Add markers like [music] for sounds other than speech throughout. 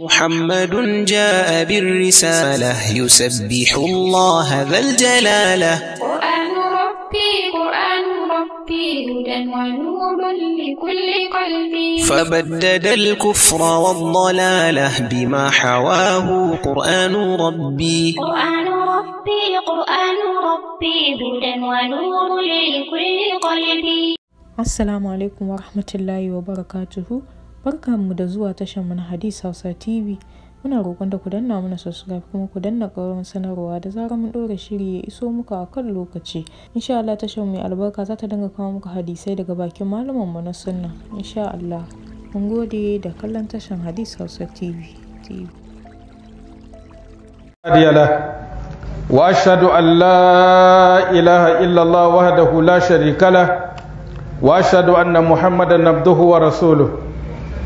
محمد جاء بالرسالة يسبح الله ذا الجلالة قرآن ربي قرآن ربي هدى ونور لكل قلبي فبدد الكفر والضلالة بما حواه قرآن ربي قرآن ربي قرآن ربي هدى ونور لكل قلبي السلام عليكم ورحمة الله وبركاته mu da zuwa tashan mana na Hadis Hausa TV. Muna roƙon da ku danna mana subscribe kuma ku danna ƙaurin sanarwa da zarar mun ɗora shiri ya iso muka a kan lokaci. Insha Allah tashan mai albarka za ta dinga kawo muka hadisai daga bakin malaman mu na sunna. Insha Allah. Mun gode da kallon tashan Hadis Hausa TV. TV. واشهد ان لا اله الا الله وحده لا شريك له واشهد ان محمدا عبده ورسوله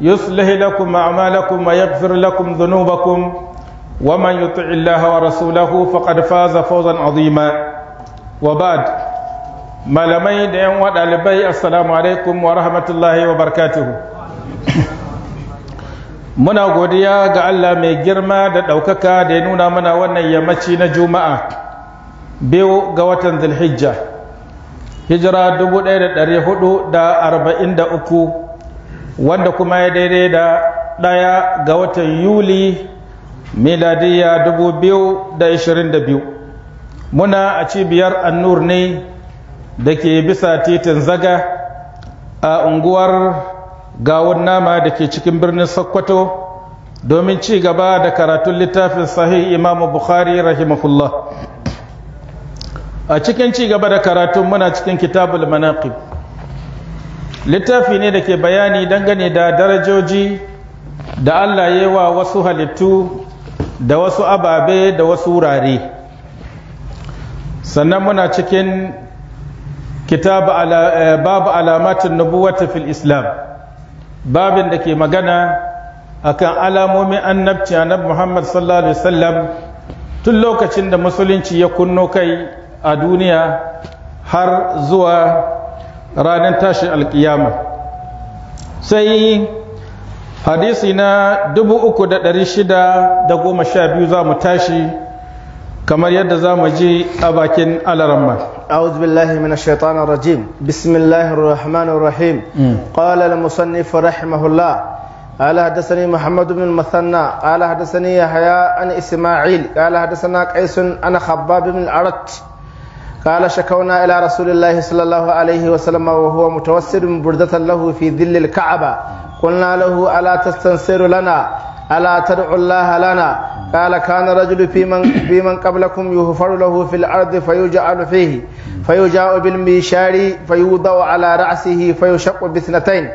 يصلح لكم أعمالكم ويغفر لكم ذنوبكم ومن يطع الله ورسوله فقد فاز فوزا عظيما وبعد malamai da 'yan ɗalibai assalamu alaikum wa rahmatullahi wa barkatuhu muna godiya ga allah mai girma da ɗaukaka da ya nuna mana wannan yammaci na juma'a biyu ga watan zulhijja hijira uku. wadda kuma ya daidai da ɗaya ga watan yuli miladiya 2022 muna a cibiyar annur ne da ke bisa titin zaga a unguwar gawun nama da ke cikin birnin sokoto domin ci gaba da karatun littafin sahih imamu bukhari rahimahullah a cikin ci gaba da karatun muna cikin kitabul manaqib littafi ne da ke bayani dangane da darajoji da Allah ya wa wasu halittu da wasu ababe da wasu wurare sannan muna cikin kitab ala, eh, babu alamatin nubuwata fil islam babin da ke magana akan alamomin annabci annabi muhammad sallallahu alaihi wasallam tun lokacin da musulunci ya kunno kai a duniya har zuwa ranar tashi alkiyama sai hadisi na 3612 za mu tashi kamar yadda za mu ji a bakin alaramma أعوذ بالله من الشيطان الرجيم بسم الله الرحمن الرحيم قال المصنف رحمه الله قال حدثني محمد بن المثنى قال حدثني يحيى عن إسماعيل قال حدثنا قيس عن خباب بن الأرت قال شكونا إلى رسول الله صلى الله عليه وسلم وهو متوسد بردة له في ذل الكعبة قلنا له ألا تستنصر لنا ألا تدعو الله لنا قال كان رجل في من, في من قبلكم يهفر له في الأرض فيجعل فيه فيجاء بالمشار فيوضع على رأسه فيشق باثنتين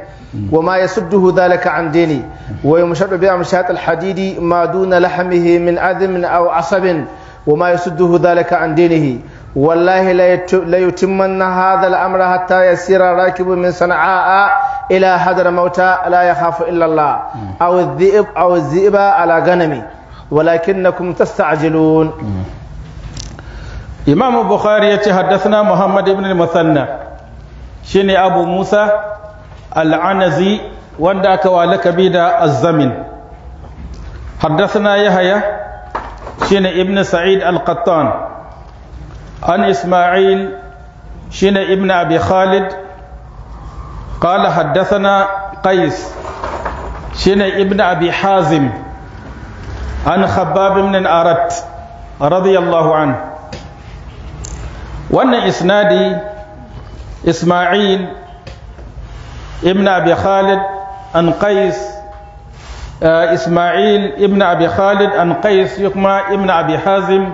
وما يسده ذلك عن ديني ويمشر بأمشاط الحديد ما دون لحمه من أذم أو عصب وما يسده ذلك عن دينه wallahi la yutimmanna hadha al-amra hatta yasira rakibu min sana'a ila hadar mauta la yakhafu illa Allah aw adh-dhi'b aw adh-dhi'ba ala ganami ولكنكم تستعجلون إمام البخاري يتحدثنا محمد بن المثنى شيني أبو موسى العنزي وندا كوالك بيدا الزمن حدثنا يحيى شيني ابن سعيد القطان عن إسماعيل شين ابن أبي خالد قال حدثنا قيس شين ابن أبي حازم عن خباب بن الأرت رضي الله عنه وأن إسنادي إسماعيل ابن أبي خالد عن قيس آه، إسماعيل ابن أبي خالد عن قيس يقمى ابن أبي حازم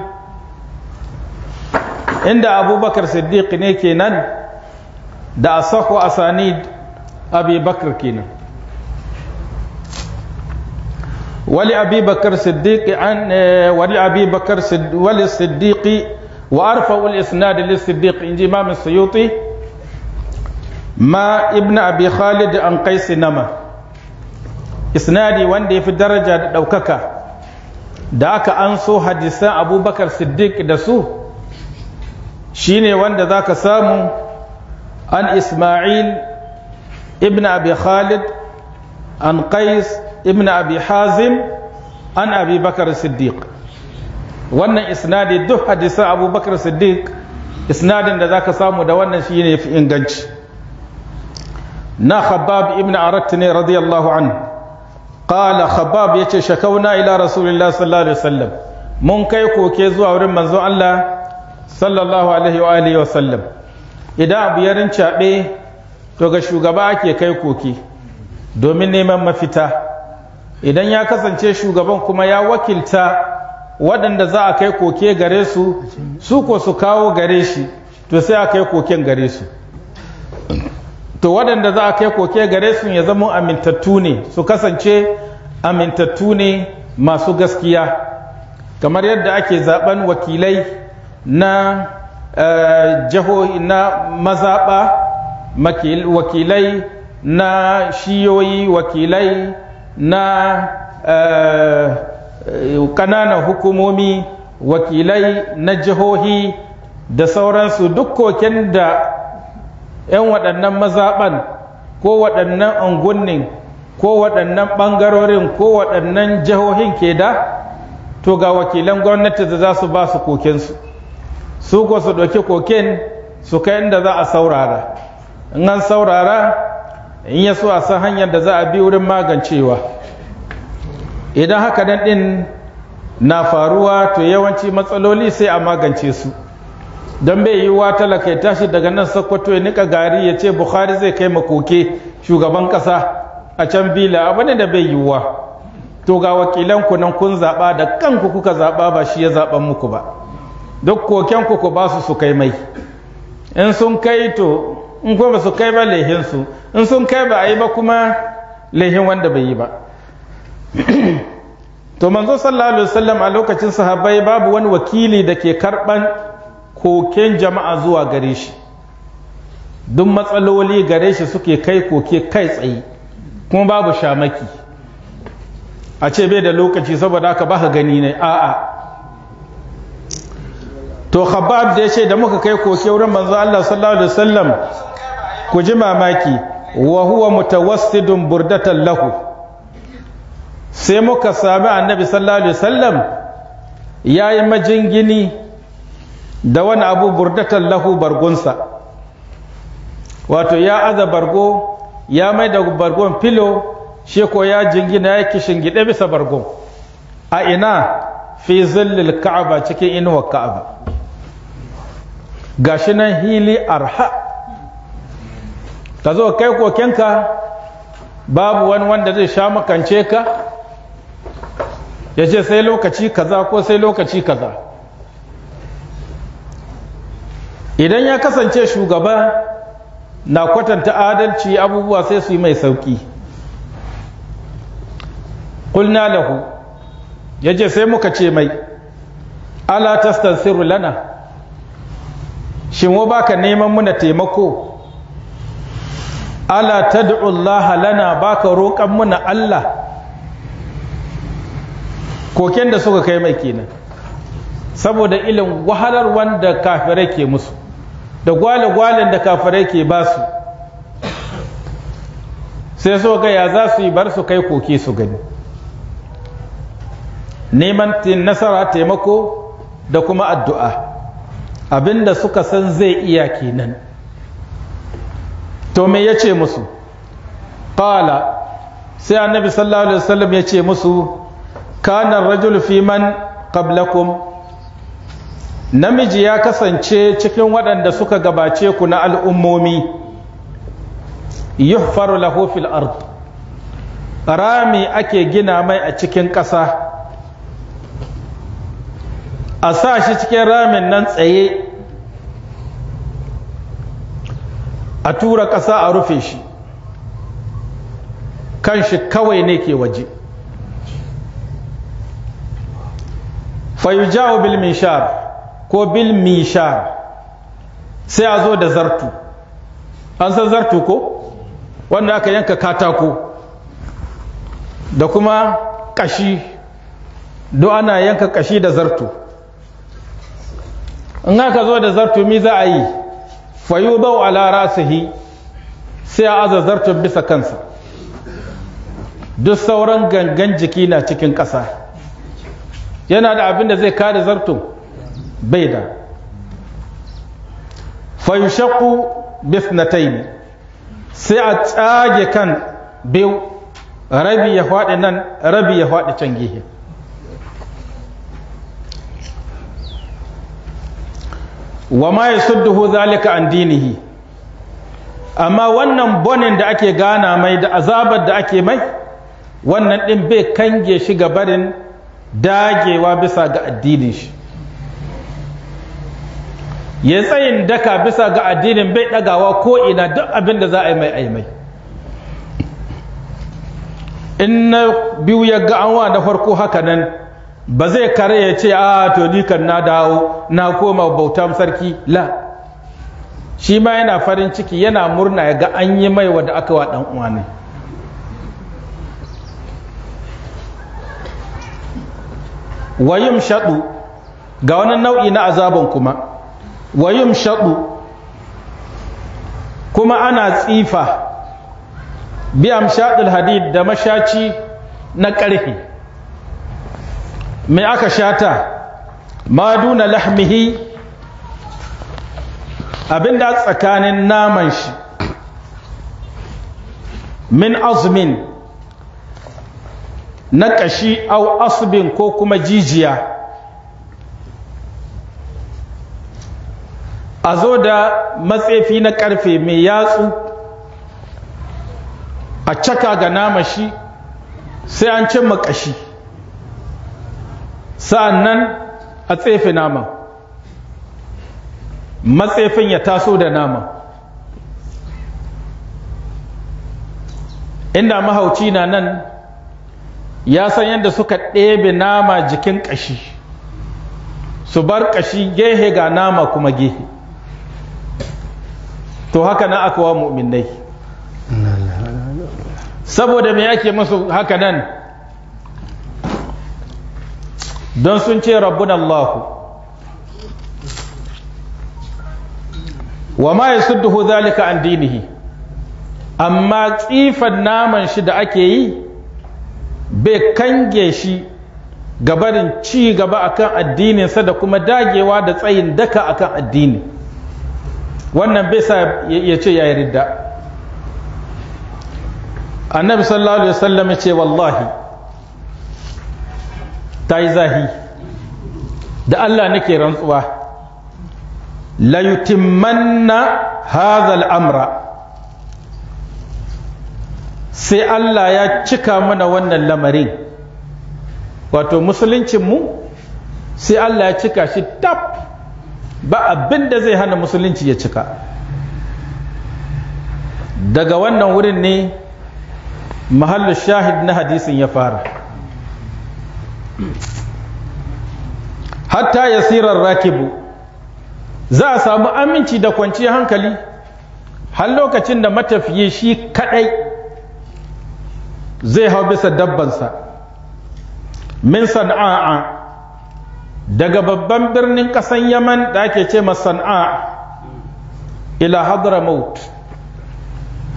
inda abubakar siddiq ne kenan da asahu asanid abi bakar kenan wali abi bakar siddiq an eh, wali abi wali siddiqi wa arfa al-isnad lis-siddiq in imam as-suyuti ma ibn abi khalid an qais nama isnadi wanda yafi daraja da daukaka da aka an so hadisan abubakar siddiq da su shine wanda zaka samu an Isma'il ibn Abi Khalid an Qais ibn Abi Hazim an Abi Bakar Siddiq wannan isnadi duk hadisa Abu Bakar Siddiq isnadin da zaka samu da wannan ne fi inganci na Khabbab ibn Arat ne radiyallahu anhu qala Khabbab yace shakauna ila Rasulillah sallallahu alaihi wasallam mun kai koke zuwa wurin manzon Allah sallallahu alaihi wa alihi wa sallam idan abu ya rincaɓe to ga shugaba ake kai koke. domin neman mafita idan ya kasance shugaban kuma ya wakilta waɗanda za a kai koke gare su su ko su kawo gare shi to sai a kai koken gare su to waɗanda za a kai koke gare su ya zama amintattu ne su kasance amintattu ne masu gaskiya kamar yadda ake zaben wakilai na eh, jihohi na mazaɓa wakilai na shiyoyi wakilai na eh, ƙananan hukumomi wakilai na jihohi da sauransu duk koken da 'yan waɗannan mazaɓan ko waɗannan ungunin ko waɗannan ɓangarorin ko waɗannan jihohin ke da to ga wakilan gwamnati da za su ba su kokensu su ko su ɗauki koken su kai inda za a saurara in an saurara in ya so a san hanyar da za a bi wurin magancewa idan haka nan ɗin na faruwa to yawanci matsaloli sai a magance su don bai yi wa talaka ya tashi daga nan sakwato ya nika gari ya ce bukhari zai kai makoke shugaban ƙasa a can bila abu ne da bai yi wa to ga wakilanku nan kun zaɓa da kanku kuka zaɓa ba shi ya zaɓan muku ba duk koken ku ku ba su su kai mai in sun kai to in kuma su kai ba lehin su in sun kai ba a yi ba kuma lehin wanda bai yi ba [clears throat] to manzo sallallahu alaihi wasallam a lokacin sahabbai babu wani wakili da ke karban koken jama'a zuwa gare shi duk matsaloli gare shi suke kai koke kai tsaye kuma babu shamaki a ce bai da lokaci saboda haka ba ka gani ne a'a to khabab da ce da muka kai koke wurin manzo Allah sallallahu alaihi wasallam ku ji mamaki wa huwa mutawassidun burdatan lahu sai muka sami annabi sallallahu alaihi wasallam yayi majingini da wani abu burdatan lahu bargunsa wato ya aza bargo ya mai da bargon filo shi ko ya jingina ya kishin gida bisa bargon a ina fi zillil ka'aba cikin inuwar ka'aba gashi nan hili arha ka zo kai kokenka babu wani wanda zai sha makance ka ya ce sai lokaci kaza ko sai lokaci kaza idan ya kasance shugaba na kwatanta adalci abubuwa sai su yi mai sauki ƙulna lahu ya ce sai muka ce mai ala tastansiru lana shin wa baka neman muna taimako ala tad'u Allah lana baka roƙan muna Allah koken da suka kai mai kenan saboda ilin wahalar wanda kafirai ke musu da gwale-gwalen da kafirai ke ba su, sai so ga ya za su yi bar su kai koke su gani neman nasara taimako da kuma addu'a abinda suka san zai iya kenan to me ya ce musu qala sai annabi sallallahu alaihi wasallam ya ce musu kana rajul fi man qablakum namiji ya kasance cikin waɗanda suka gabace ku na al'ummomi yuhfaru lahu fil ard rami ake gina mai a cikin ƙasa a sa shi cikin ramin nan tsaye a tura ƙasa a rufe shi kan shi kawai ne ke waje fayujawo bil mishar ko bil mishar sai a zo da zartu an san zartu ko wanda aka yanka katako da kuma ƙashi do ana yanka ƙashi da zartu in aka zo da zartu mi za a yi fayudau ala rasihi sai a aza bisa kansa duk sauran gangan jiki na cikin ƙasa yana da abin da zai kada zartun bai da fayushaku bisnataini sai a tsage kan biyu rabi ya faɗi nan rabi ya faɗi can gihin. wa ma sudduhu zalika an dinihi amma wannan bonin da ake gana mai da azabar da ake mai wannan din bai kange shi ga barin dagewa bisa ga addinin shi ya tsayin daka bisa ga addinin bai ɗagawa ko ina duk abin da za a yi mai aimai in na biyu ya ga wa da farko haka nan ba zai kare ya ce a ah, to na dawo na koma bautan sarki la shi ma yana farin ciki yana murna ya ga an yi mai wanda aka wa dan uwa ne wayum shaɗu ga wani nau'i na azaban kuma wayum shaɗu kuma ana tsifa biyan shaɗin hadid da mashaci na ƙarfi me aka shata ma duna lahmihi da tsakanin naman shi min azumin na ƙashi au asibin ko kuma jijiya a zo da matsefi na ƙarfe mai yatsu a caka ga nama shi sai an cimma ƙashi sa'an nan a tsefe nama matsefin ya taso da nama inda mahauci na nan ya san yadda suka ɗebe nama jikin ƙashi su bar ƙashi gehe ga nama kuma gehe to haka na akawa mu'minai saboda me yake musu haka nan don sun ce rabbun allahu wa ma yasudduhu zalika an dinihi amma tsifan naman shi da ake yi bai kange shi gabarin ci gaba akan addininsa da kuma dagewa da tsayin daka akan addini wannan bai sa ya ce ya yi ridda annabi sallallahu alaihi wasallam ya ce wallahi ta yi zahi da Allah nake rantsuwa la hazal amra sai Allah ya cika mana wannan lamarin wato musuluncinmu sai Allah ya cika shi tab ba abin da zai hana musulunci ya cika daga wannan wurin ne mahallu shahid na hadisin ya fara hatta yasirar rakibu za a samu aminci da kwanci hankali har lokacin da matafiye shi kadai zai hau bisa dabbansa min sana'a daga babban birnin kasan yaman da ake ce sana'a ila hadramaut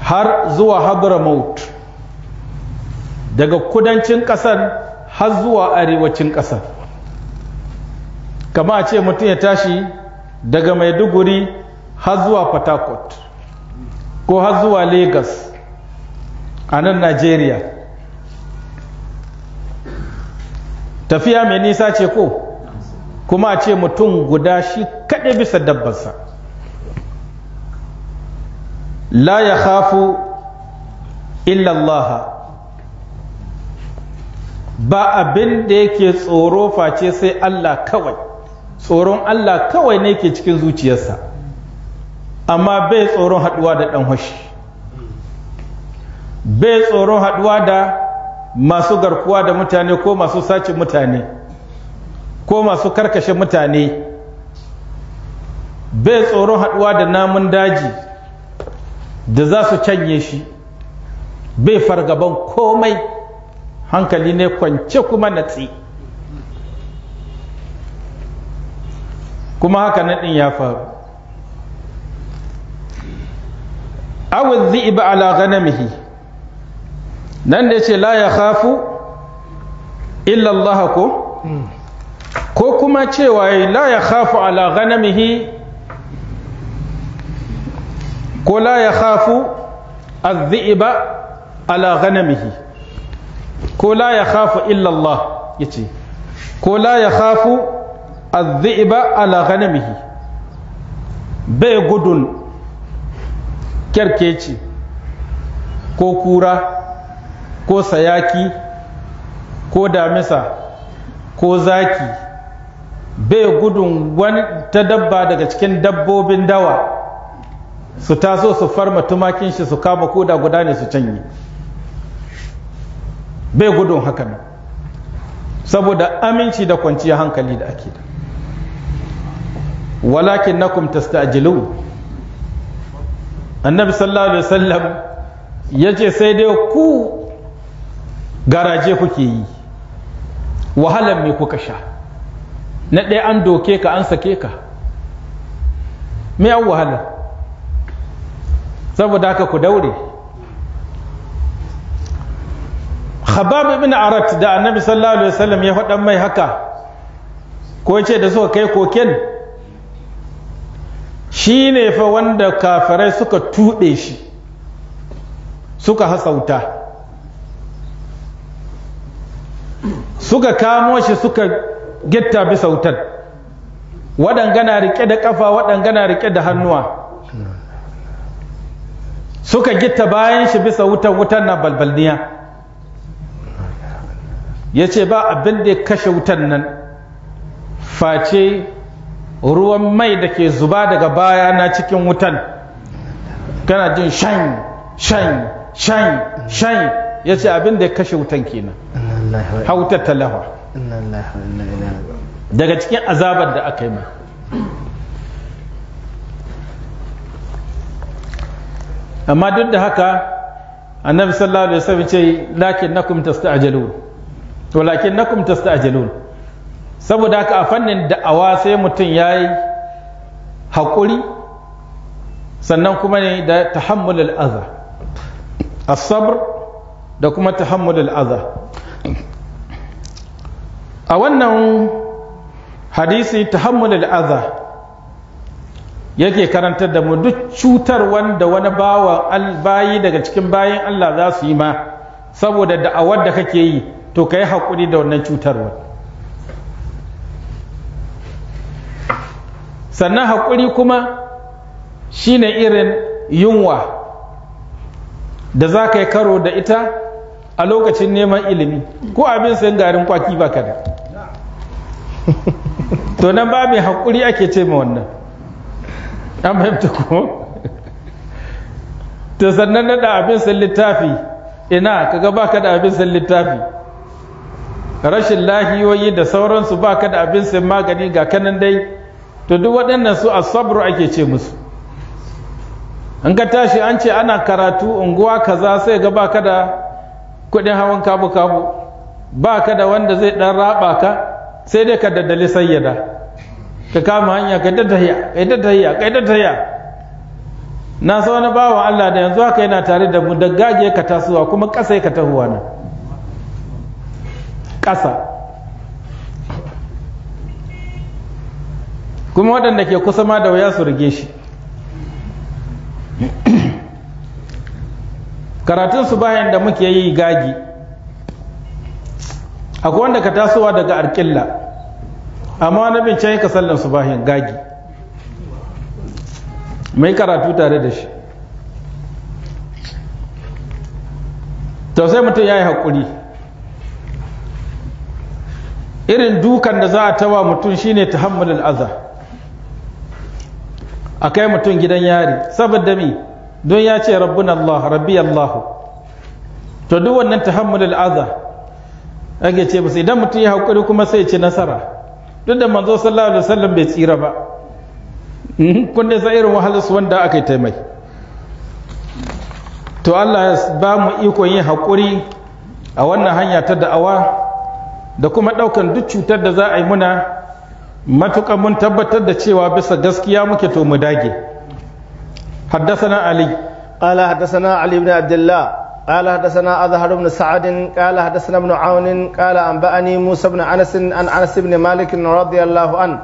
har zuwa hadramaut daga kudancin kasan har zuwa arewacin ƙasar kama ce mutum ya tashi daga maiduguri har zuwa fatakot ko har zuwa Legas a nan najeriya tafiya mai nisa ce ko kuma a ce mutum guda shi kaɗai bisa dabbansa. la ya hafu illallaha ba abin da yake tsoro face sai Allah kawai tsoron Allah kawai ne ke cikin zuciyarsa amma bai tsoron haɗuwa da ɗan hashi bai tsoron haɗuwa da masu garkuwa da mutane ko masu sace mutane ko masu karkashe mutane bai tsoron haɗuwa da namun daji da za su canye shi bai fargaban komai hankali ne kwance kuma natsi kuma haka naɗin ya faru awul dhi'b ala ghanamihi nan da ce la ya khafu illa Allah ko ko kuma cewa la ya khafu ala ghanamihi ko la ya khafu adh-dhi'b ala ghanamihi ko la ya khafu illallah ya ce ko la ya khafu azzi'iba ala ghanamihi bai gudun kyarkeci ko kura ko sayaki ko damisa ko zaki bai gudun wani ta dabba daga cikin dabbobin dawa su taso su farma tumakin shi su kama koda guda ne su canye bai gudun haka nan saboda aminci da kwanciya hankali da ake da walakin nakum tastajilun annabi sallallahu alaihi wasallam ya ce sai dai ku garaje kuke yi wahalar me kuka sha na ɗaya an doke ka an sake ka me an wahala saboda haka ku daure khabab ibn arat da annabi sallallahu alaihi wasallam ya faɗan mai haka ko ce da suka kai koken shi ne fa wanda kafirai suka tuɗe shi suka hasauta suka kamo shi suka gita bisa sautan waɗangana rike da ƙafa waɗangana rike da hannuwa suka gitta bayan shi bisa wutan wutan na balbalniya ya ce ba abin da ya kashe wutan nan face ruwan mai da ke zuba daga baya na cikin wutan kana jin shan shan shan shan ya ce abin da ya kashe wutan kenan hautar talawa daga cikin azabar da aka yi mai amma duk da haka annabi sallallahu alaihi wasallam ce lakin nakum tasta'jalu to lakin a tasta'jilun saboda haka a fannin da'awa sai mutum ya yi haƙuri sannan kuma ne da tahammulul al'aza as da kuma tahammulul al'aza a wannan hadisi tahammulul al'aza yake karantar da mu duk cutar wanda wani bawa bayi daga cikin bayan Allah za su yi ma saboda da'awar da kake yi to ka yi haƙuri da wannan cutarwa sannan haƙuri kuma shine irin yunwa da za ka yi karo da ita a lokacin neman ilimi ko abin sayan garin kwaki ba ka da [laughs] to nan ba mai haƙuri ake ce ma wannan an fahimta ko [laughs] to sannan na da abin san littafi ina kaga ba ka da abin san littafi rashin lahiyoyi da sauransu ba ka da abin sai magani ga kanan dai to duk waɗannan su asabru ake ce musu in ka tashi an ce ana karatu unguwa kaza sai ga baka da kuɗin hawan kabu kabu baka da wanda zai ɗan raba ka sai dai ka daddali sayyada ka kama hanya ka daddaya ka daddaya ka daddaya na sa wani bawan Allah da yanzu haka yana tare da mu da ka tasowa kuma ƙasa ka tahuwa nan ƙasa kuma waɗanda ke kusa ma da wuya su rige shi karatun bayan da muke yi gagi akwai wanda ka tasowa daga arkilla amma wani bincin ka sallan su bayan gagi mai karatu tare da shi tausai mutum ya yi haƙuri irin dukan da za a tawa mutum shine tahammulul azah a kai mutum gidan yari saboda mi don ya ce rabbin Allah rabbi Allah to duk wannan tahammulul azah ake ce musu idan mutum ya haƙuri kuma sai ce nasara duk da manzo sallallahu alaihi wasallam bai tsira ba hmm? kun da irin wahalarsu wanda aka yi taimai to Allah ya ba mu ikon yin haƙuri a wannan hanya ta da'awa da kuma ɗaukan duk cutar da za a yi muna matuƙa mun tabbatar da cewa bisa gaskiya muke to mu dage haddasana ali qala haddasana ali ibn abdullah قال حدثنا أظهر بن سعد قال حدثنا ابن عون قال أنبأني موسى بن أنس عن أنس بن مالك رضي الله عنه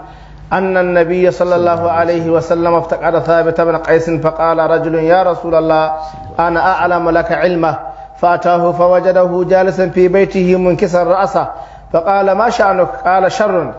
أن النبي صلى الله عليه وسلم افتقد ثابت بن قيس فقال رجل يا رسول الله أنا أعلم لك علمه فأتاه فوجده جالسا في بيته منكسا رأسه فقال ما شأنك قال شر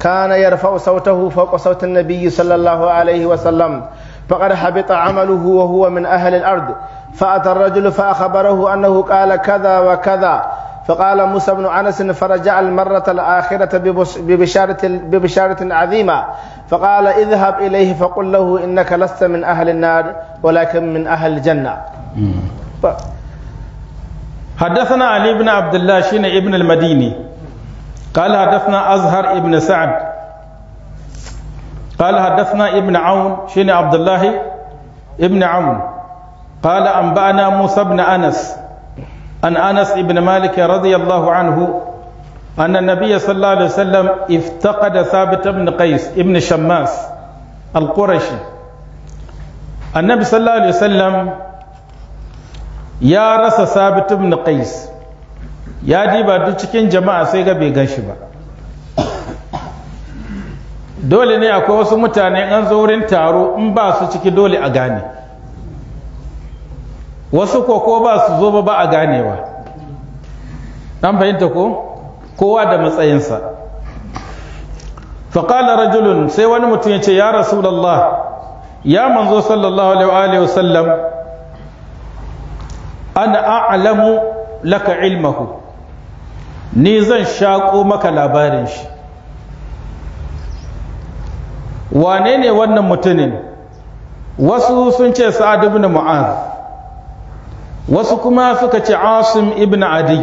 كان يرفع صوته فوق صوت النبي صلى الله عليه وسلم فقد حبط عمله وهو من أهل الأرض فأتى الرجل فأخبره أنه قال كذا وكذا فقال موسى بن أنس فرجع المرة الآخرة ببشارة, ببشارة عظيمة فقال اذهب إليه فقل له إنك لست من أهل النار ولكن من أهل الجنة حدثنا علي بن عبد الله شين ابن المديني قال حدثنا أزهر ابن سعد قال حدثنا ابن عون شين عبد الله ابن عون قال أنبأنا موسى بن أنس عن أنس ابن مالك رضي الله عنه أن النبي صلى الله عليه وسلم افتقد ثابت بن قيس ابن شماس القرشي النبي صلى الله عليه وسلم يا رس ثابت بن قيس ya diba duk cikin jama'a sai ga bai ganshi ba dole ne akwai wasu mutane an zo wurin taro in ba su ciki dole a gane wasu ko ba su zo ba a ganewa an fahimta ko kowa da matsayinsa faƙala rajulun sai wani mutum ya ce ya rasulallah ya manzo sallallahu alaihi wasallam ana a'lamu laka ilmahu ni zan shaƙo maka labarin shi wane ne wannan mutumin wasu sun ce sa'ad ibn mu'az wasu kuma suka ce asim ibn adi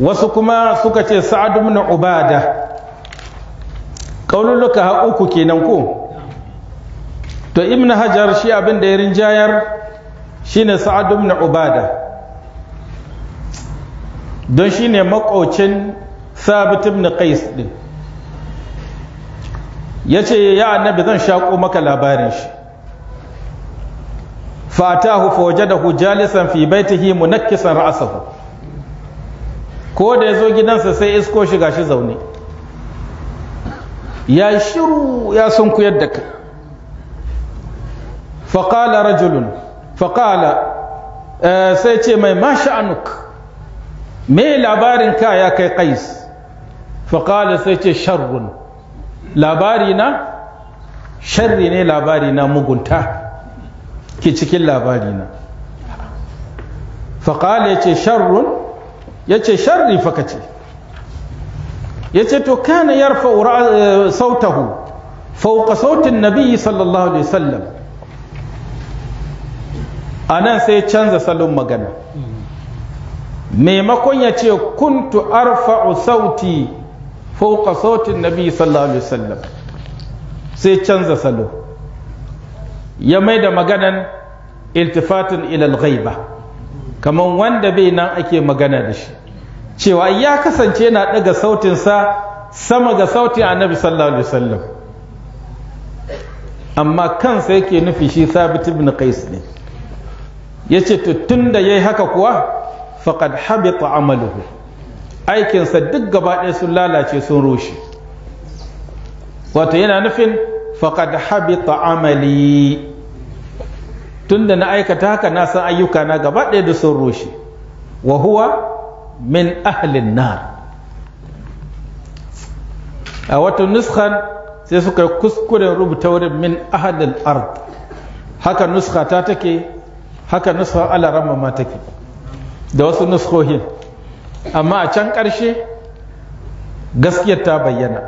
wasu kuma suka ce sa'ad ibn ubada kaululuka uku kenan ko to ibn hajar shi abin da ya rinjayar shine sa'ad ibn ubada don shi ne makocin sabit ibn qais din ya ce ya annabi zan shaƙo maka labarin shi fatahu fa wajadahu jalisan fi baitihi munakkisan ra'sahu ko da yazo gidansa sai isko shi zaune ya shiru ya sunkuyar da kai fa rajulun fa eh, sai ce mai ma me labarin ka ya kai qais faƙala sai ce sharrun labari na sharri ne labari na mugunta ke cikin labari na faƙala ya ce sharrun ya ce sharri faka ce ya ce to kana yarfa eh, sautahu fauka sautin nabi sallallahu alaihi sallam. a nan sai canza salon magana maimakon ya ce kuntu arfa'u sauti fauka sautin nabi sallallahu alaihi wasallam sai canza salo ya mai da maganan iltifatin ilal ghaiba kamar wanda bai nan ake magana da shi cewa ya kasance yana ɗaga sautinsa sama ga sautin annabi sallallahu alaihi wasallam amma kansa yake nufi shi sabit ibn qais ne yace to tunda yayi haka kuwa faqad habita amaluhu aikinsa duk gaba ɗaya sun lalace sun rushe wato yana nufin faqad habita amali tunda na aikata haka na san ayyuka na gaba ɗaya da sun rushe wa huwa min ahlin nar a wata nuskan sai suka yi kuskuren rubuta wurin min ahalin ard haka nuska ta take haka nuska alarama ma take da wasu nuskohin amma a can ƙarshe gaskiyar ta bayyana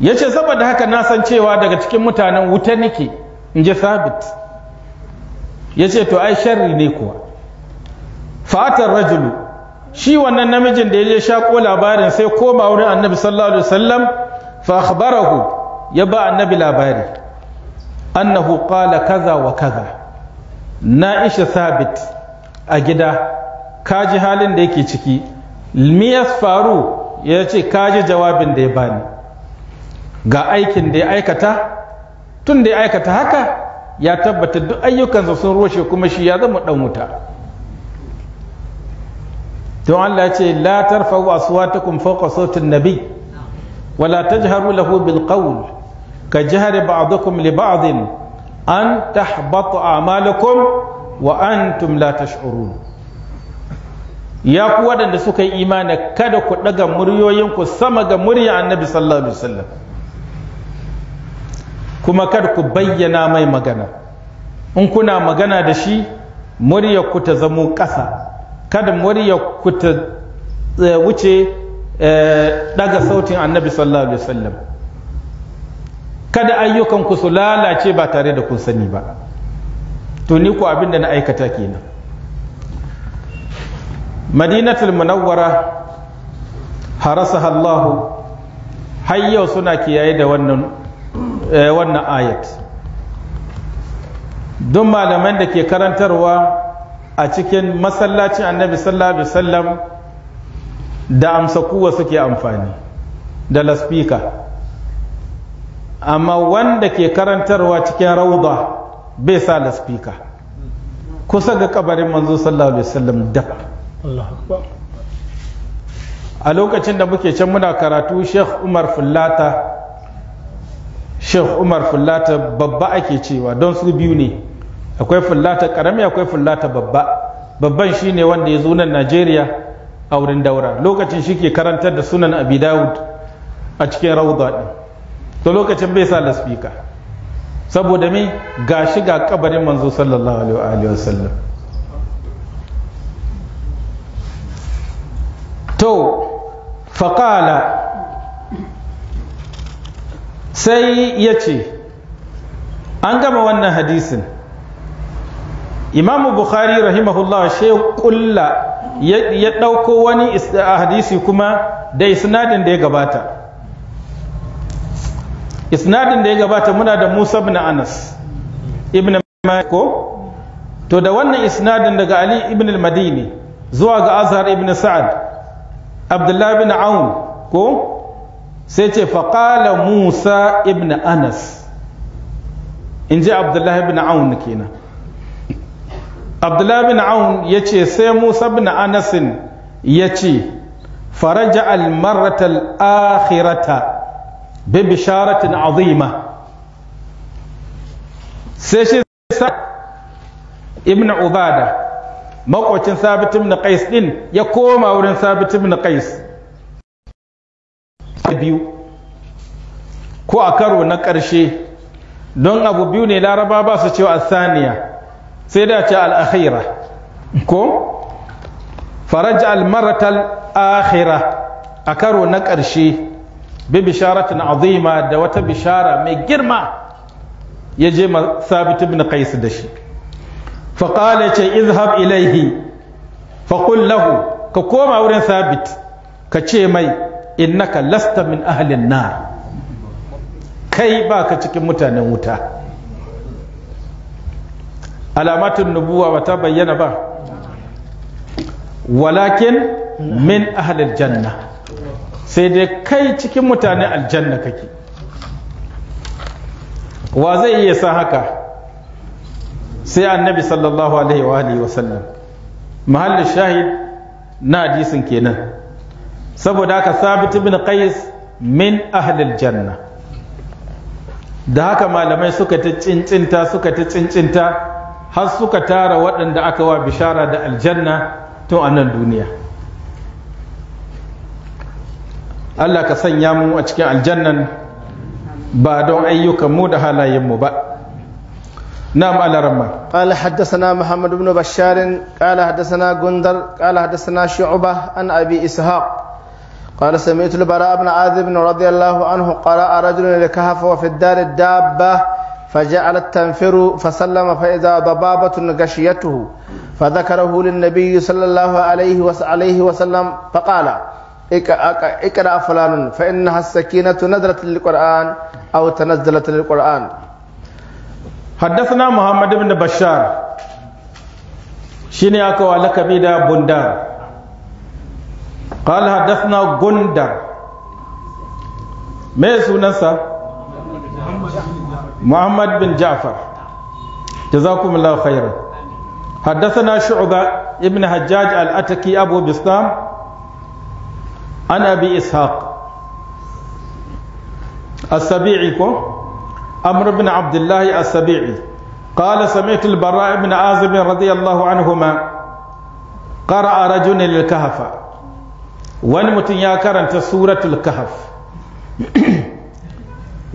ya ce saboda haka na san cewa daga cikin mutanen wuta nake in ji sabit ya ce to ai sharri ne kuwa fatar rajulu shi wannan namijin da ya je shako labarin sai koma wurin annabi sallallahu alaihi wasallam fa akhbarahu ya ba annabi labari annahu qala kaza wa kaza na isha sabit a gida kaji halin da yake ciki miyas faru ya ce kaji jawabin da ya bani ga aikin da ya aikata tun da ya aikata haka ya tabbata duk ayyukansa sun roshe kuma shi ya zama dan wuta don Allah ce la tarfa'u aswatakum fawqa sautin nabi wala tajharu lahu bil qawl ka jahari ba'dakum li ba'din an tahbatu a'malakum wa antum la tash'urun ya ku waɗanda suka yi imani kada ku ɗaga muryoyinku sama ga murya annabi sallallahu alaihi wasallam kuma kada ku bayyana mai magana in kuna magana da shi muryar ku ta zamo ƙasa kada muryar ku ta wuce ɗaga sautin annabi sallallahu alaihi wasallam kada ayyukanku su lalace ba tare da kun sani ba to ni ku abin da na aikata kenan madinatul munawwara harasaha Allahu har yau suna kiyaye da wannan eh, wannan ayat don malaman da ke karantarwa a cikin masallacin annabi sallallahu alaihi wasallam da amsa kuwa suke amfani da laspika amma wanda ke karantarwa cikin rauda bai sa spika kusa ga kabarin manzo sallallahu alaihi wasallam dab a lokacin da muke can muna karatu sheikh umar fullata sheikh umar fullata babba ake cewa don su biyu ne akwai fullata karami akwai fullata babba babban shine wanda ya zo nan najeriya a wurin daura lokacin shi ke karantar da sunan abi dawud a cikin rauda din to lokacin bai sa laspika saboda me ga shi ga kabarin manzo sallallahu alaihi wa sallam to faƙala sai ya ce an gama wannan hadisin imamu bukhari rahimahullah shi kulla ya ɗauko wani hadisi kuma da isnadin da ya gabata isnadin da ya gabata muna da Musa ibn Anas ibn Malik to da wannan isnadin daga Ali ibn al-Madini zuwa ga Azhar ibn Sa'ad Abdullah ibn Aun ko sai ce faƙala Musa ibn Anas in ji Abdullah ibn Aun kenan Abdullah ibn Aun ya ce sai Musa ibn Anasin ya ce faraja al-marratal akhirata bi bisharatin azima sai shi ibn ubada makwacin sabit ibn qais din ya koma wurin sabit ibn qais biyu ko a karo na ƙarshe don abu biyu ne laraba ba su a Saniya, sai da ce al'akhira ko faraj al-maratal a karo na ƙarshe bi bisharatin azima da wata bishara mai girma ya je ma sabit ibn qais da shi fa qala ce izhab ilaihi fa qul lahu ka koma wurin sabit ka ce mai innaka lasta min ahlin nar kai ba ka cikin mutanen wuta alamatun nubuwa ba ta bayyana ba walakin min ahlil janna sai dai kai cikin mutane aljanna kake wa zai iya sa haka sai annabi sallallahu alaihi wa alihi wasallam mahallin shahid na hadisin kenan saboda haka sabit ibn qais min ahlil janna da haka malamai suka ta cincinta suka ta cincinta har suka tara waɗanda aka wa bishara da aljanna tun a nan duniya Allah ka sanya mu a cikin aljannan ba don ayyukan mu da halayen mu ba نعم على رمى قال حدثنا محمد بن بشار قال حدثنا جندر قال حدثنا شعبة عن أبي إسحاق قال سمعت البراء بن عازب رضي الله عنه قرأ رجل لكهف وفي الدار الدابة فجعلت تنفر فسلم فإذا ضبابة غشيته فذكره للنبي صلى الله عليه وسلم فقال اقرأ فلان فإنها السكينة نزلت للقرآن أو تنزلت للقرآن حدثنا محمد بن بشار شيني أكو لك بيدا بندار قال حدثنا غندر ما سنسى محمد بن جعفر جزاكم الله خيرا حدثنا شعبة ابن حجاج الأتكي أبو بسلام an abi ishaq as-sabi'i ko amr ibn Abdullahi as-sabi'i قال سمعت البراء بن عازب رضي الله عنهما قرأ رجل ونمت يا كرنت سورة الكهف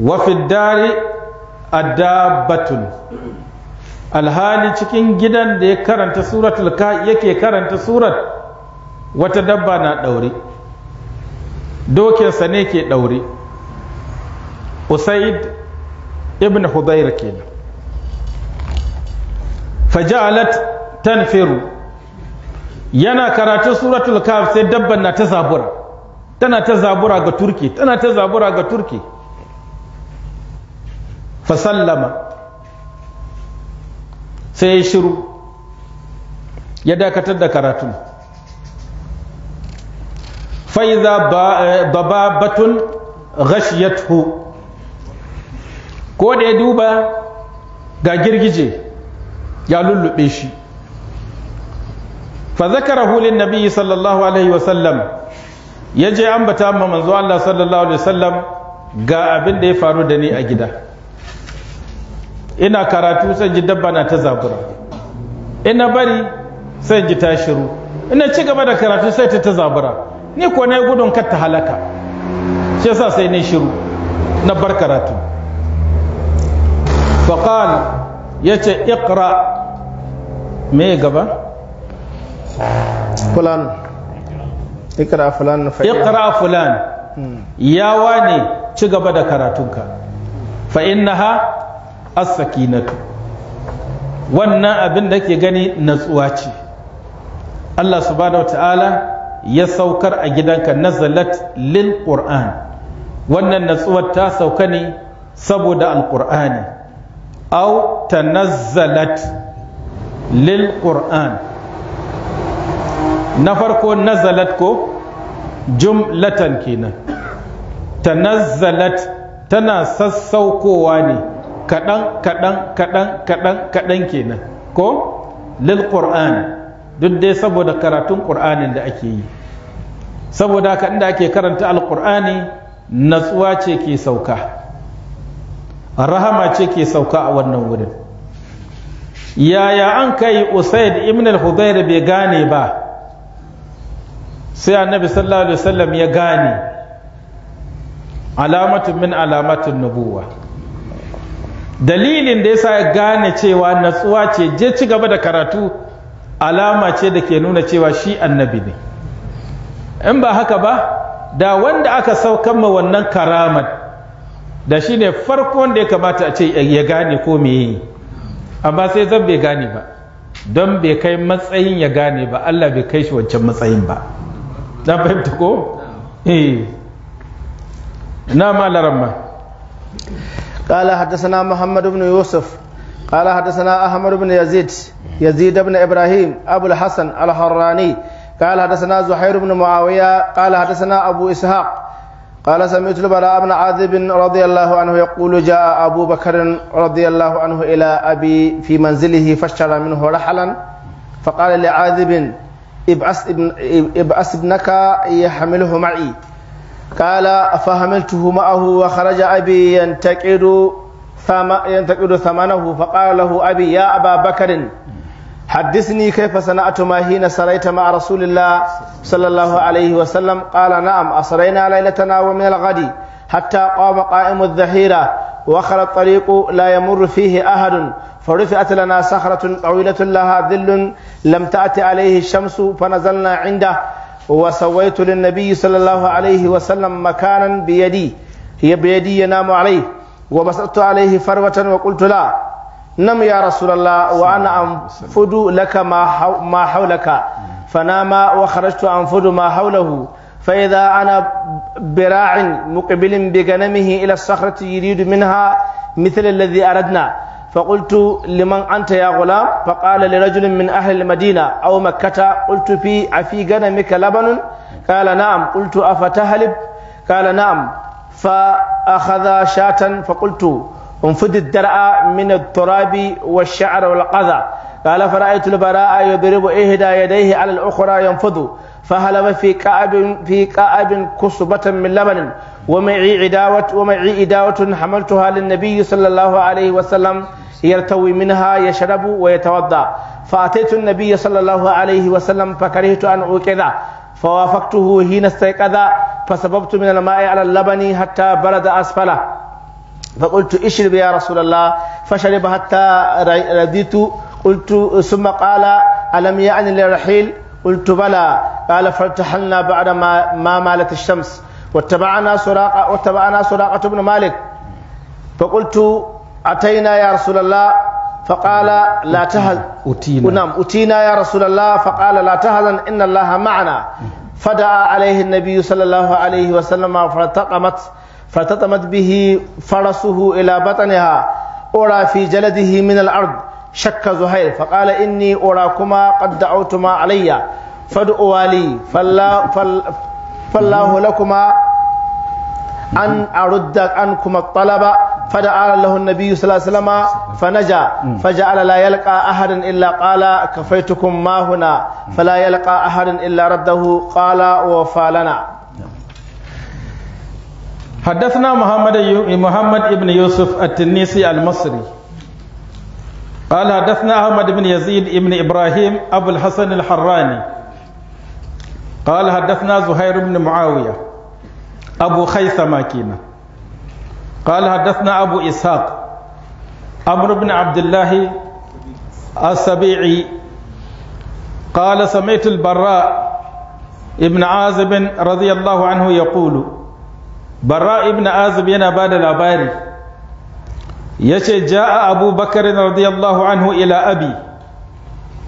وفي الدار الدابة alhali cikin gidan da ya karanta suratul ka yake karanta surat wata dabba na ɗaure dokinsa ne ke ɗaure usaid ibn hudayr kenan fajalat tanfiru yana karatun suratul kaf sai dabban na ta zabura tana ta zabura ga turki tana ta zabura ga turki fasallama sai ya shiru ya dakatar da karatun faiza bababatun ghashiyathu ko da ya duba ga girgije ya lullube shi fa zakarahu lin nabi sallallahu alaihi wa ya je ambata ma manzo Allah sallallahu alaihi wa sallam ga abin da ya faru da ni a gida ina karatu sai ji dabba na ta zabura ina bari sai ji ta shiru ina ci gaba da karatu sai ta ta zabura ni ko na yi gudun kar ta halaka shi yasa sai ni shiru na bar karatu faqal yace iqra me gaba fulan iqra fulan fa iqra fulan hmm. yawa ne ci gaba da karatunka fa innaha as-sakinatu wannan abin da ke gani natsuwa ce Allah subhanahu wa ta'ala ya saukar a gidanka nazalat lil qur'an wannan natsuwar ta sauka ne saboda alqur'ani aw tanazzalat lil qur'an na farko nazalat ko jumlatan kenan tanazzalat tana sassaukowa ne kaɗan kaɗan kaɗan kaɗan kaɗan kenan ko lil qur'an duk dai saboda karatun qur'anin da ake yi saboda haka inda ake karanta alkur'ani natsuwa ce ke sauka rahama ce ke sauka a wannan wurin yaya an kai usaid ibn al-hudayr bai gane ba sai annabi sallallahu alaihi wasallam ya gane alamatu min alamatin nubuwa dalilin da yasa ya gane cewa natsuwa ce je ci gaba da karatu alama ce da ke nuna cewa shi annabi ne in ba haka ba da wanda aka saukan ma wannan karamar da shi ne farko wanda ya kamata a ce ya gane ko meye amma sai zan bai gane ba don bai kai matsayin ya gane ba Allah bai kai shi wancan matsayin ba na fahimta ko? eh na malaran ma قال حدثنا محمد بن يوسف قال حدثنا أحمد بن يزيد يزيد بن إبراهيم أبو الحسن الحراني قال حدثنا زهير بن معاوية قال حدثنا أبو إسحاق قال سمعت البراء بن عاذب رضي الله عنه يقول جاء أبو بكر رضي الله عنه إلى أبي في منزله فاشترى منه رحلا فقال لعاذب ابعث ابن ابنك يحمله معي قال فحملته معه وخرج أبي ينتقد ثمنه فقال له أبي يا أبا بكر حدثني كيف صنعتما حين سريت مع رسول الله صلى الله عليه وسلم قال نعم أسرينا ليلتنا ومن الغد حتى قام قائم الذخيرة وخر الطريق لا يمر فيه أحد فرفعت لنا صخرة طويلة لها ظل لم تأت عليه الشمس فنزلنا عنده وسويت للنبي صلى الله عليه وسلم مكانا بيدي هي بيدي ينام عليه وبسطت عليه فروة وقلت لا nam ya rasulallah wa ana anfudu laka ma haulaka fanama wa kharajtu anfudu ma haulahu فإذا أنا براع مقبل بغنمه إلى الصخرة يريد منها مثل الذي أردنا فقلت لمن أنت يا غلام فقال لرجل من أهل المدينة أو مكة قلت في أفي غنمك لبن قال نعم قلت أفتهلب قال نعم فأخذ شاة فقلت انفد الدرع من التراب والشعر والقذى قال فرأيت البراء يضرب إهدى يديه على الأخرى ينفض فهلم في كعب في كعب كصبة من لبن ومعي عداوة ومعي إداوة حملتها للنبي صلى الله عليه وسلم يرتوي منها يشرب ويتوضأ فأتيت النبي صلى الله عليه وسلم فكرهت أن أوكذا فوافقته حين استيقظ فسببت من الماء على اللبن حتى برد أسفله فقلت اشرب يا رسول الله فشرب حتى رديت قلت ثم قال ألم يعني للرحيل قلت بلى قال فارتحلنا بعد ما, ما مالت الشمس واتبعنا سراقة واتبعنا سراقة بن مالك فقلت أتينا يا رسول الله فقال لا تهل أتينا نعم أتينا يا رسول الله فقال لا تهزن إن الله معنا فدعا عليه النبي صلى الله عليه وسلم فارتقمت فالتطمت به فرسه إلى بطنها أرى في جلده من الأرض شك زهير فقال إني أراكما قد دعوتما علي فادعوا لي فالله, فال فالله لكما أن أرد عنكما الطلب فدعا له النبي صلى الله عليه وسلم فنجا فجعل لا يلقى أحد إلا قال كفيتكم ما هنا فلا يلقى أحد إلا رده قال وفى لنا حدثنا محمد محمد بن يوسف التنيسي المصري قال حدثنا أحمد بن يزيد بن إبراهيم أبو الحسن الحراني قال حدثنا زهير بن معاوية أبو خيثمة كينا قال حدثنا أبو إسحاق عمرو بن عبد الله السبيعي قال سمعت البراء ابن عازب رضي الله عنه يقول barra ibn azib yana ba da labari ya ce ja'a abubakar radiyallahu anhu ila abi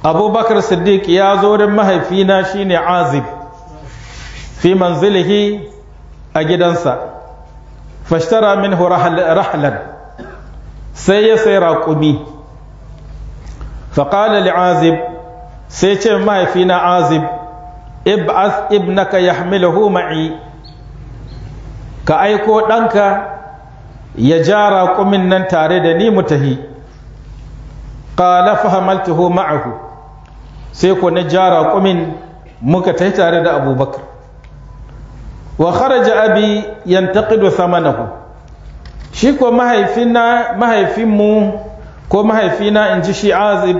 abubakar siddiq ya zo wurin mahaifina shine azib fi manzilihi a gidansa fashtara minhu rahlan sai ya sai raƙumi faƙala azib sai ce mahaifina azib ib'ath ibnaka yahmiluhu ma'i ka aiko ɗanka ya ja raƙumin nan tare da ni mu tahi ƙala fahamaltuhu ma'ahu sai ku na ja raƙumin muka tahi tare da abubakar wa kharaja abi yantaqidu thamanahu shi ko mahaifina mahaifinmu ko mahaifina in ji shi azib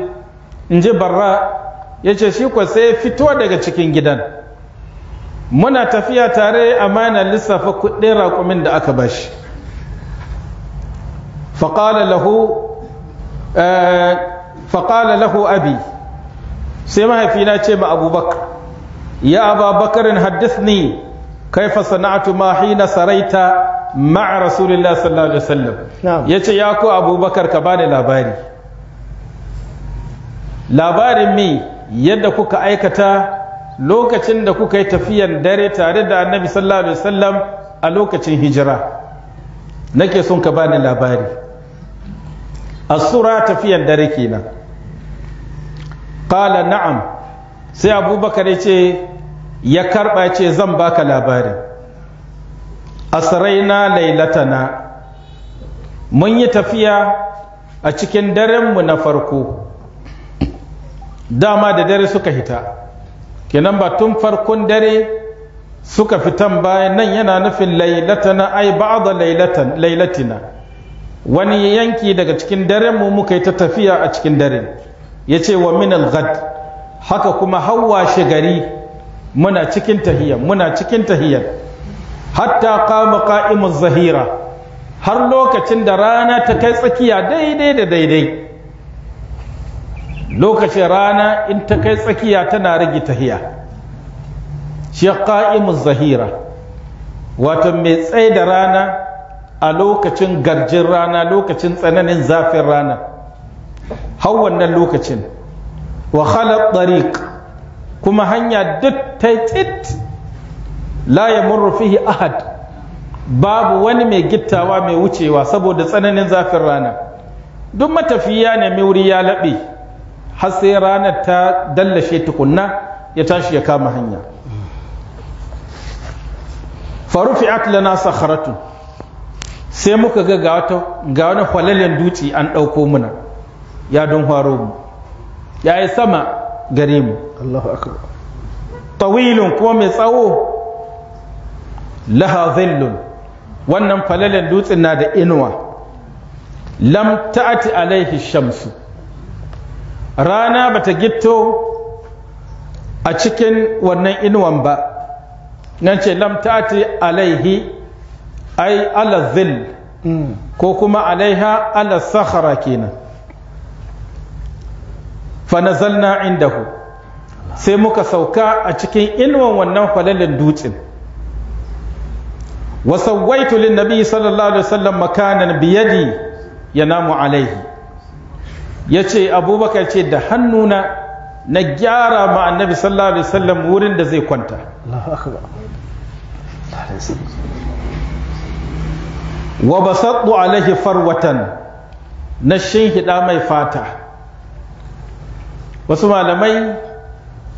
in ji barra ya ce shi ko sai fito daga cikin gidan muna tafiya tare amma yana lissafa kuɗin raƙumin da aka bashi faƙala lahu eh, abi sai mahaifina ce ma abubakar ya ababakarin haddisni kaifa sana'atu ma hina saraita ma'a rasulillah sallallahu alaihi wasallam yace ya ku abubakar ka bani labari labarin mi yadda kuka aikata lokacin da kuka yi tafiyan dare tare da annabi sallallahu alaihi wasallam a lokacin hijira nake son ka bani labari asura tafiyan dare kenan qala na'am sai abubakar ya ce ya karba ce zan baka labari asraina lailatana mun yi tafiya a cikin darenmu na farko dama da dare suka hita kenan ba tun farkon dare suka fitan baya nan yana nufin lailatana ai ba lailatan lailatina wani yanki daga cikin dare mu muka yi ta tafiya a cikin dare yace wa min ghad haka kuma hawa shigari muna cikin tahiyya muna cikin tahiyar hatta kama qa'imuz zahira har lokacin da rana ta kai tsakiya daidai da daidai lokacin rana in ta kai tsakiya tana rage tahiya shi qa'imu zahira wato mai tsaye da rana a lokacin garjin rana lokacin tsananin zafin rana har wannan lokacin wa khalat kuma hanya duk ta tsit la yamurru fihi ahad babu wani mai gittawa mai wucewa saboda tsananin zafin rana duk matafiya ne mai wuri ya laɓe har sai ranar ta dallashe tukunna ya tashi ya kama hanya farufi'at lana sakharatu sai muka ga ga wata ga wani falalen dutse an ɗauko muna ya don haro mu ya yi sama gare mu Allahu akbar kuma mai tsawo laha zillun wannan falalen dutsen na da inuwa lam ta'ati alaihi shamsu rana bata gito a cikin wannan inuwan ba nan ce lam alaihi ai ala ko kuma alaiha ala kenan fa nazalna indahu sai muka sauka a cikin inuwan wannan falalin dutsen wasawaitu lin nabi sallallahu alaihi wasallam makanan biyadi namu alaihi ya ce abubakar ce da hannuna na gyara ma annabi sallallahu alaihi wasallam wurin da zai kwanta wa a alaihi farwatan na shinhiɗa mai fata wasu malamai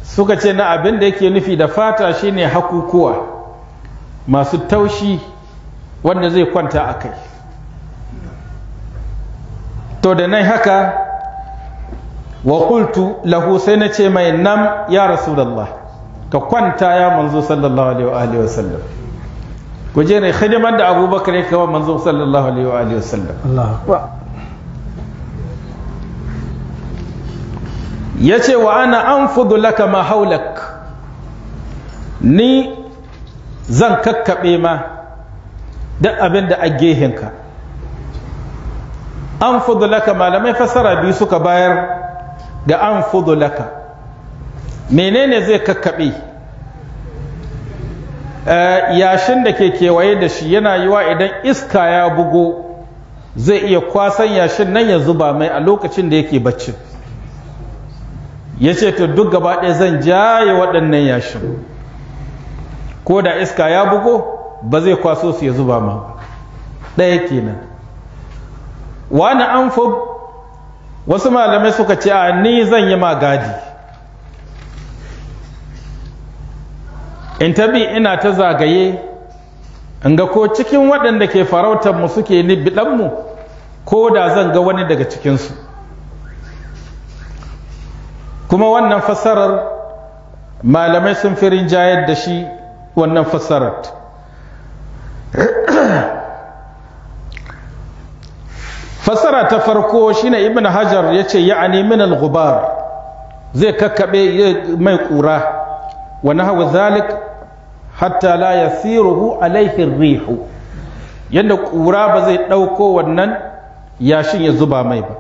suka ce na abin da yake nufi da fata shine hakukuwa masu taushi wanda zai kwanta a kai to da nan haka wa qultu lahu sai na ce mai nam ya rasulullah ka kwanta ya manzo sallallahu alaihi wa sallam ku je ne hidimar da abubakar ya kawo manzo sallallahu alaihi wa sallam ya ce wa ana an fudu laka ma haulak ni zan kakkaɓe ma duk abin da a gehenka an fudu laka malamai fassara biyu suka bayar da an fudu laka menene zai kakkaɓe eh, yashin da ke kewaye da shi yana yiwa idan iska ya bugo zai iya kwasan yashin nan ya zuba mai a lokacin da yake bacci ya ce ta duk gaba ɗaya zan jaye waɗannan yashin ko da iska ya bugo ba zai kwaso su ya zuba ma ɗaya kenan wani an fi wasu malamai suka ce a ni zan yi magadi. gadi in tabi ina ta zagaye in ga ko cikin waɗanda ke farautar mu suke ni biɗanmu ko da zan ga wani daga cikinsu kuma wannan fassarar malamai sun fi rinjayar da shi wannan fassarar fassara ta farko shine ibn hajar ya ce ya'ani min al-ghubar zai kakkaɓe mai ƙura wa nahwa zalik hatta la yasiruhu alaihi rihu yadda ƙura ba zai ɗauko wannan yashin ya zuba mai ba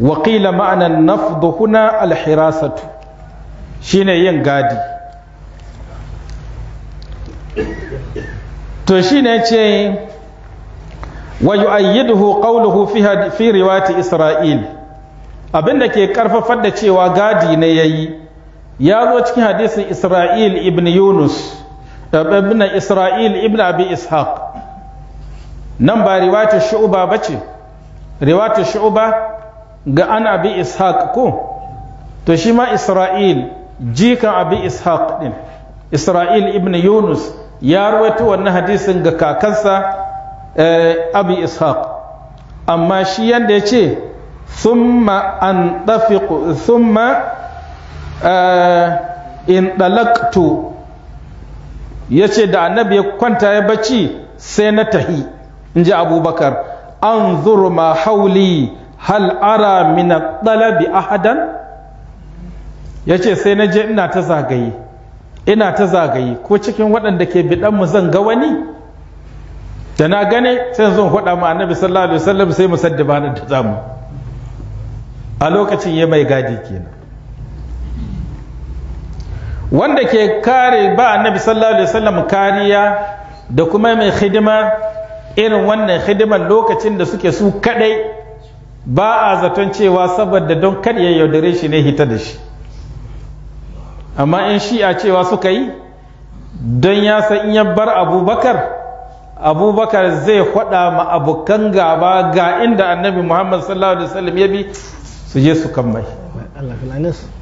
ma'ana ma'anan nafdu huna alhirasatu shine yin gadi to shine ce wa yu'ayyiduhu qawluhu fiha fi riwayati isra'il abinda ke karfafar da cewa gadi ne yayi ya zo cikin hadisin isra'il ibn yunus ibn isra'il ibn abi ishaq nan ba riwayatu shu'ba bace riwayatu shu'ba ga an abi ishaq ko to shi ma isra'il jikan abi ishaq din isra'il ibn yunus ya rawaito wannan hadisin ga kakansa Eh, abi ishaq amma shi yadda ya ce thumma an ɗafiƙu thumma eh, in ɗalaktu ya da annabi ya kwanta ya bacci sai na tahi in ji abubakar an ma hauli hal ara min ɗalabi ahadan yace sai na je ina ta zagaye ina ta zagaye ko cikin waɗanda ke mu zan ga wani da na gane sai zan faɗa ma annabi sallallahu alaihi wasallam sai mu sadda bana da zamu a lokacin ya mai gadi kenan wanda ke kare ba annabi sallallahu alaihi wasallam kariya da kuma mai hidima irin wannan hidiman lokacin da suke su kadai ba a zaton cewa saboda don kar ya yaudare shi ne hita da shi amma in shi a cewa suka yi don ya san in ya bar abubakar abubakar zai faɗa ma abokan gaba ga inda annabi muhammad sallallahu alaihi wasallam ya bi su je su kan mai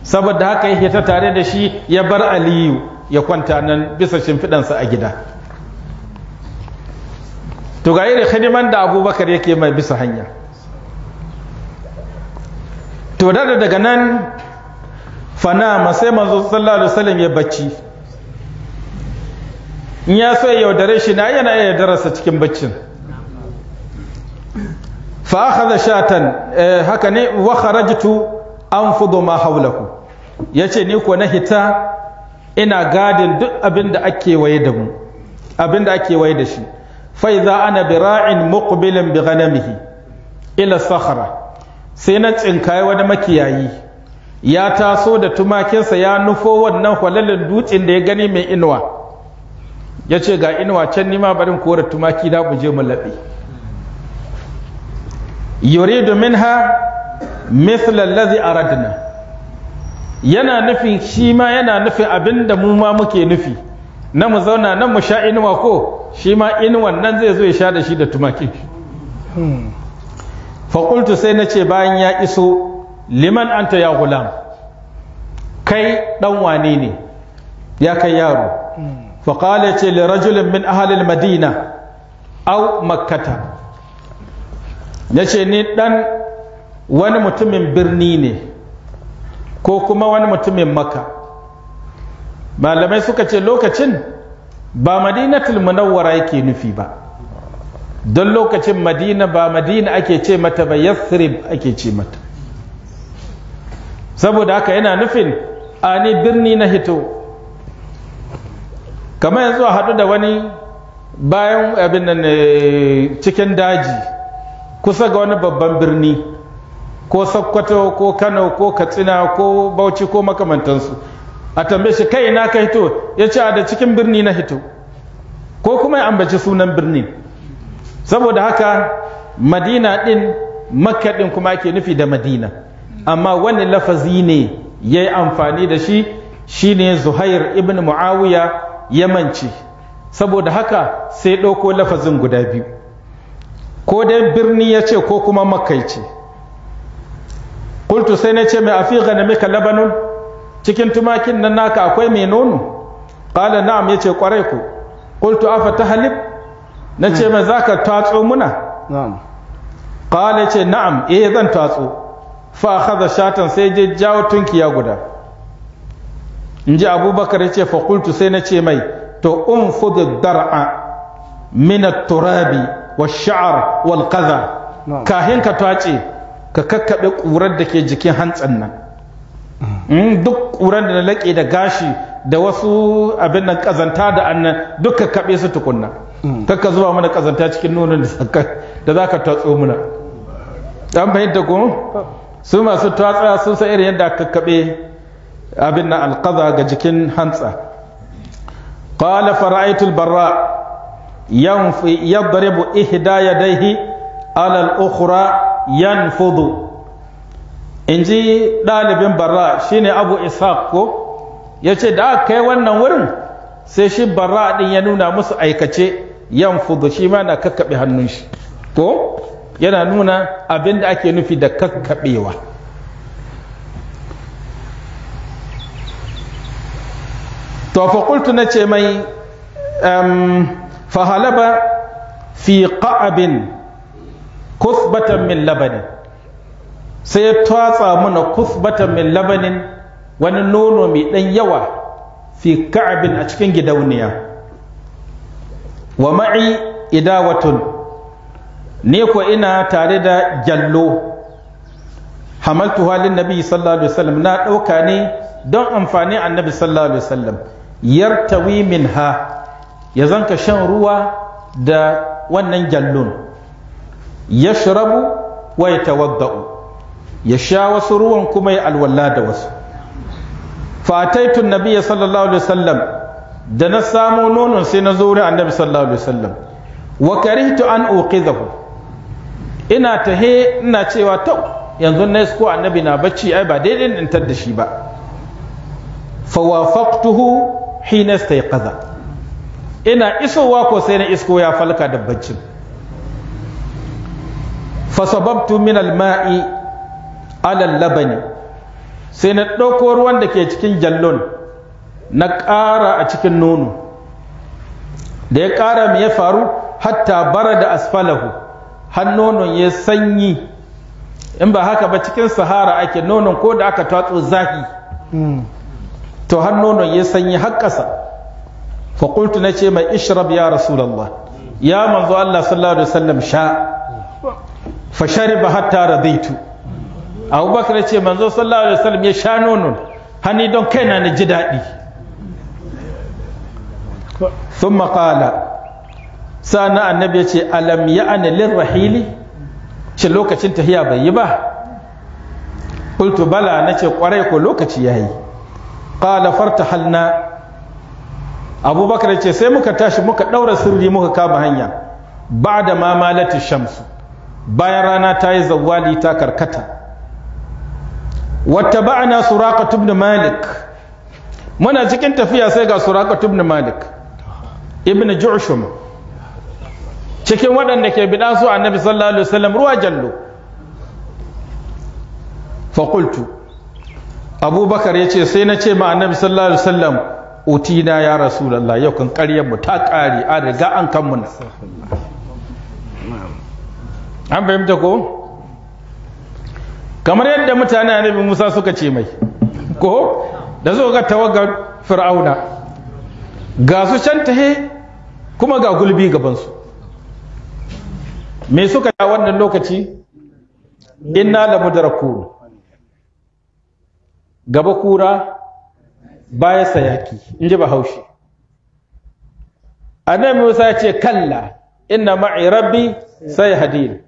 saboda haka yake ta tare da shi ya bar aliyu ya kwanta nan bisa shimfiɗansa a gida to ga irin hidiman da abubakar yake mai bisa hanya to da daga nan fana sai manzo sallallahu alaihi wasallam ya bacci in ya so ya yaudare shi na yana iya darasa cikin baccin fa akhadha shatan eh, haka ne wa kharajtu anfudu ma hawlahu yace ni ko na hita ina gadin duk abin da ake waye da mu abin da ake waye da shi fa idza ana bira'in muqbilin bi ghanamihi ila sakhra sai na tsinkaye wani makiyayi ya taso da tumakinsa ya nufo wannan kwalalin dutsen da ya gani mai inuwa ya ce ga inuwa can nima barin kora tumaki da mu je mu laɓe yuridu domin mithla allazi aradna yana nufin shi ma yana nufin abinda mu ma muke nufi na mu zauna nan mu sha inuwa ko shi ma inuwan nan zai zo ya sha da shi da tumakin hmm. fakultu sai na ce bayan ya iso liman anta ya gulam kai ɗan wane ne ya kai yaro hmm. faƙala ce li rajulin min madina au makkata ya ce ni ɗan wani mutumin birni ne ko kuma wani mutumin maka malamai suka ce lokacin ba madinatul munawwara yake nufi ba don lokacin madina ba madina ake ce mata ba yathrib ake ce mata saboda haka yana nufin a ni birni na hito kamar yanzu a haɗu da wani bayan abin nan eh, cikin daji kusa ga wani babban birni ko sokoto ko kano ko katsina ko bauchi ko makamantansu a tambaye shi kai na ka hito ya ce da cikin birni na hito ko kuma ya ambaci sunan birni saboda haka madina din makka din kuma ake nufi da madina amma wani lafazi ne ya yi amfani da shi shine zuhair ibn muawiya Yamanci saboda haka sai ɗauko lafazin guda biyu ko dai birni ya ce ko kuma makaici kultu sai na ce mai afi ganamika labanon cikin tumakin nan naka akwai mai nono ƙala na'am ya ce ƙwarai ku kultu afa ta halib na ce mai za ka tatso muna ƙala ce na'am eh zan tatso fa haza shatan sai je jawo tunkiya guda in ji abubakar ya ce fakultu sai na ce mai to un fudu dar'a mina turabi wa sha'ar wal kaza kahin ka tace ka kakkaɓe ƙurar da ke jikin hantsan nan mm. Mm, duk ƙurar da na laƙe da gashi da wasu abin nan ƙazanta da annan duk ka kaɓe su tukunna mm. kakka zuwa mana ƙazanta cikin nonon da za ka tatso muna an fahimta ko su masu tatsa sun sa irin yadda kakkaɓe abin na alkaza ga jikin hantsa qala fara'aytul barra ya ihda alal ukura yan fudu. yanfudu inji ɗalibin barra shine abu ishaq ko ce da aka kai wannan wurin sai shi barra din ya nuna musu aikace yanfudu shi ma na kakkabe hannun shi ko yana nuna abin da ake nufi da kakkaɓewa to fa qultu nace mai um, fa halaba fi qa'abin kuthbatan min labanin sai ya twatsa mana kuthbatan min labanin wani nono mai dan yawa fi ka'abin a cikin gidauniya wa ma'i idawatun ni ko ina tare da gyallo hamaltu halin nabi sallallahu alaihi wasallam na ɗauka ne don amfani annabi sallallahu alaihi wasallam yartawi minha ya zanka shan ruwa da wannan gyallon ya shirabu wa ya tawadda'u ya sha wasu ruwan kuma ya alwala da wasu fataitun nabiya sallallahu alaihi wasallam da na samo nonon sai na zo annabi sallallahu alaihi wasallam wa karihtu an uqidahu ina tahe ina cewa to yanzu na isko annabi na bacci ai ba daidai in tar da shi ba fawafaqtuhu ya kaza. ina isowa ko sai na isko ya falka da baccin fasababtu min alma'i ala labani sai na ɗauko ruwan da ke cikin jallon na ƙara a cikin nono da ya ƙara mai ya faru hatta bara da asfalahu har nonon ya sanyi in ba haka ba cikin sahara ake nonon ko da aka tatso zahi hmm. to har nonon ya sanyi haƙƙasa, ƙasa fa qultu nace mai ishrab ya rasulallah, ya manzo Allah sallallahu alaihi wasallam sha fa shariba hatta radaitu abubakar ya ce manzo sallallahu alaihi wasallam ya sha nonon hani don kai na ji daɗi sun maƙala sa'an annabi ya ce alam ya anilin rahili ce lokacin tahiya bai yi ba Kultu bala na ce ƙwarai ko lokaci ya yi qala fartahalna abubakar ce sai muka tashi muka daura sirri muka kama hanya ba'da ma malati shamsu bayan rana ta yi zawali ta karkata wata ba'ana suraqatu ibn malik muna cikin tafiya sai ga suraqatu ibn malik ibn ju'shum cikin waɗanda ke bida su annabi sallallahu alaihi wasallam ruwa jallo fa abubakar ya ce sai na ce ma annabi sallallahu alaihi wasallam utina ya rasulullah yau kan ƙaryar mu ta ƙari an riga an kan mu an fahimta ko kamar yadda mutane annabi Musa suka ce mai ko da suka ga tawagar fir'auna ga su can tahe kuma ga gulbi gabansu me suka a wannan lokaci inna la mudrakun gaba kura baya sayaki in ji bahaushe annabi musa ya ce kalla inna ma'i rabbi sai hadin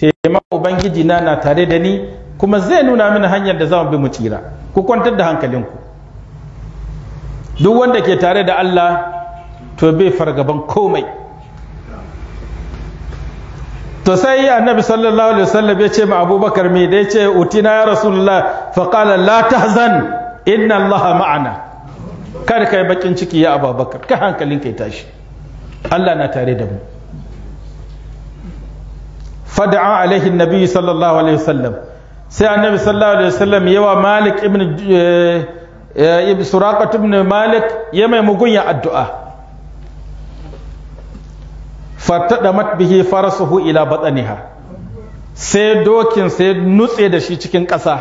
Taimakon ubangiji na na tare da ni kuma zai nuna mini hanyar da zamu bi mu tsira ku kwantar da hankalinku duk wanda ke tare da allah to bai fargaban komai to sai annabi sallallahu alaihi wasallam ya ce ma abubakar me da ya ce utina ya rasulullah fa qala la tahzan inna allaha ma'ana kada kai bakin ciki ya abubakar ka hankalin kai tashi Allah na tare da mu fada'a alaihi nabi sallallahu alaihi wasallam sai annabi sallallahu alaihi wasallam yawa malik ibn eh, eh, suraqat ibn malik ya mai mugun ya addu'a fattadamat bihi farasuhu ila bataniha sai dokin sai nutse da shi cikin ƙasa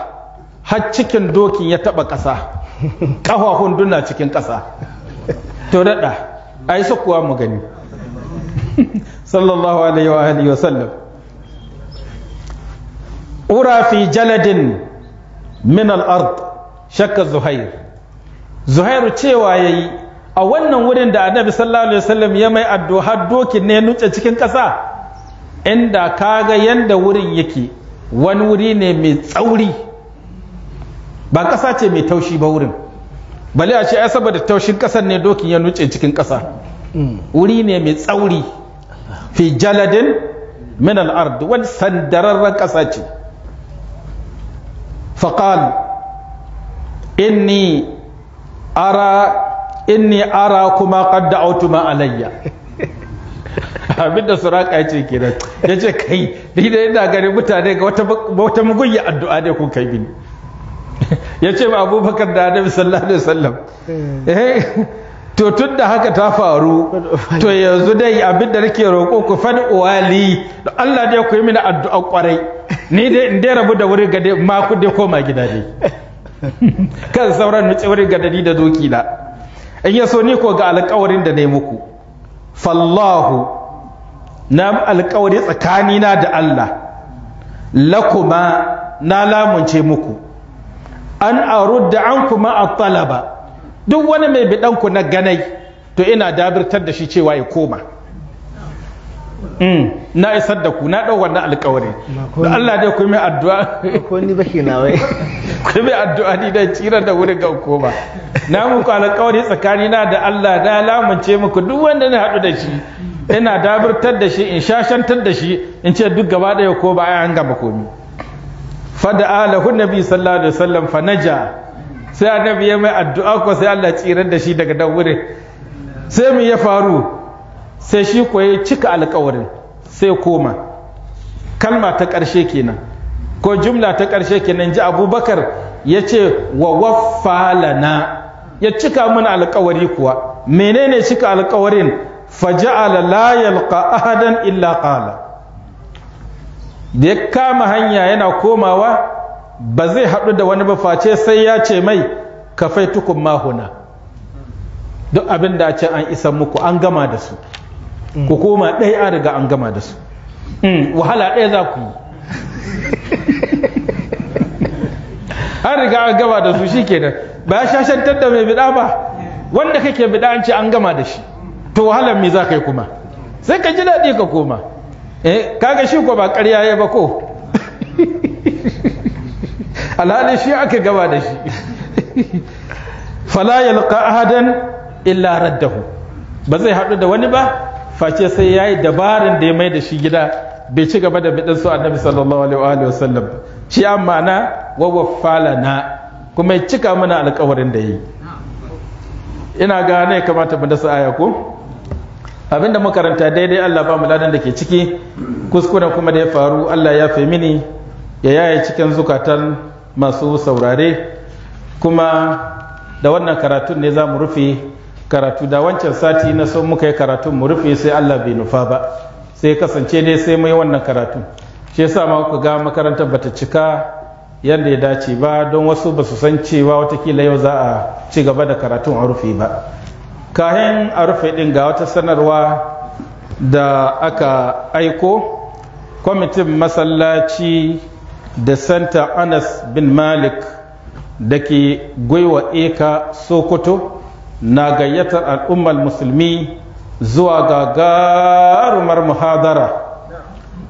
har cikin dokin ya taba ƙasa [laughs] ƙafafun duna cikin ƙasa to daɗa a yi kuwa mu gani [laughs] sallallahu alaihi wa alihi wa sallam ura fi jaladin min al-ard shakka zuhair Zuhairu cewa yayi a wannan wurin da annabi sallallahu alaihi wasallam ya mai addu'a dokin ne nutse cikin ƙasa inda kaga yanda wurin yake wani wuri ne mai tsauri ba ƙasa ce mai taushi ba wurin bale a ce ai saboda taushin ƙasar ne dokin ya nutse cikin ƙasa wuri ne mai tsauri fi jaladin min al-ard wani sandararren ƙasa ce faqal inni ara inni ara kuma autu ma alayya [laughs] abinda suraka ya ce kenan ya ce kai ni da ina ganin mutane ga wata mugunya addu'a ne kun kai mini [laughs] ya ce ma abubakar da adam sallallahu alaihi wasallam hmm. eh to tun da haka ta faru to yanzu dai abinda nake roƙo ku fadi uwali Allah dai ku yi mini addu'a kwarai ni dai in dai rabu da wuri ga dai ma ku dai koma gida dai [laughs] kan sauran nutse wurin gadani da doki na in ya so ni ko ga alƙawarin da na yi muku fallahu na alƙawari tsakanina da Allah lakuma na lamunce muku an arudda an kuma a talaba duk wani mai biɗanku na ganai to ina dabirtar da shi cewa ya koma hmm. na isar da ku na ɗau wannan alƙawari da Allah dai ku mai addu'a ko ni ba ke nawai [laughs] ku mai addu'a ni dai tsira da wurin ga koma na muku alƙawari tsakani na da Allah na lamunce muku duk wanda na haɗu da shi ina dabirtar da shi in shashantar da shi in ce duk gaba ɗaya ko ba ai an gama komi fada alahu nabi sallallahu alaihi wasallam fa naja sai annabi ya mai addu'a ko sai Allah tsirar da shi daga dan wurin sai mu ya faru sai shi koyi cika alƙawarin sai koma kalma ta ƙarshe kenan ko jumla ta ƙarshe kenan ji abubakar ya ce wa waffa lana ya cika mana alkawari kuwa menene cika alkawarin faja'ala la yalqa ahadan illa qala da ya kama hanya yana komawa ba zai haɗu da wani ba face sai ya ce mai kafai tukun mahuna duk abin da a ce an isa muku an gama da su Mm. ku koma ɗaya a riga an gama da su mm. wahala ɗaya za ku yi an riga an gama da su shi kenan ba ya shashantar da mai bida ba wanda kake bida an ce an gama da shi to wahalar me za ka yi kuma sai ka ji daɗi ka koma eh kaga shi ko ba ƙarya ya ba ko [laughs] alhali shi aka gama da shi [laughs] fala yalqa ahadan illa raddahu ba zai haɗu da wani ba face sai ya yi dabarin da ya mai da shi gida bai ci gaba da bidan su annabi sallallahu alaihi wa sallam shi amma na wa waffala na kuma ya cika mana alkawarin da yi ina ga ne kamata mu dasa aya ko abinda makaranta daidai Allah ba mu ladan da ke ciki kuskuren kuma da ya faru Allah ya fi mini ya yaye cikin zukatan masu saurare kuma da wannan karatun ne za mu rufe karatu da wancan sati na son muka yi karatun mu rufe sai Allah bai nufa ba sai kasance dai sai mai wannan karatun shi yasa ma ku ga makarantar bata cika yadda ya dace ba don wasu ba su san cewa watakila yau za a ci gaba da karatu a rufe ba kayan a rufe din ga wata sanarwa da aka aiko kwamitin masallaci da santa anas bin malik da ke gwaiwa eka sokoto na gayyatar al'ummar musulmi zuwa gagarumar muhadara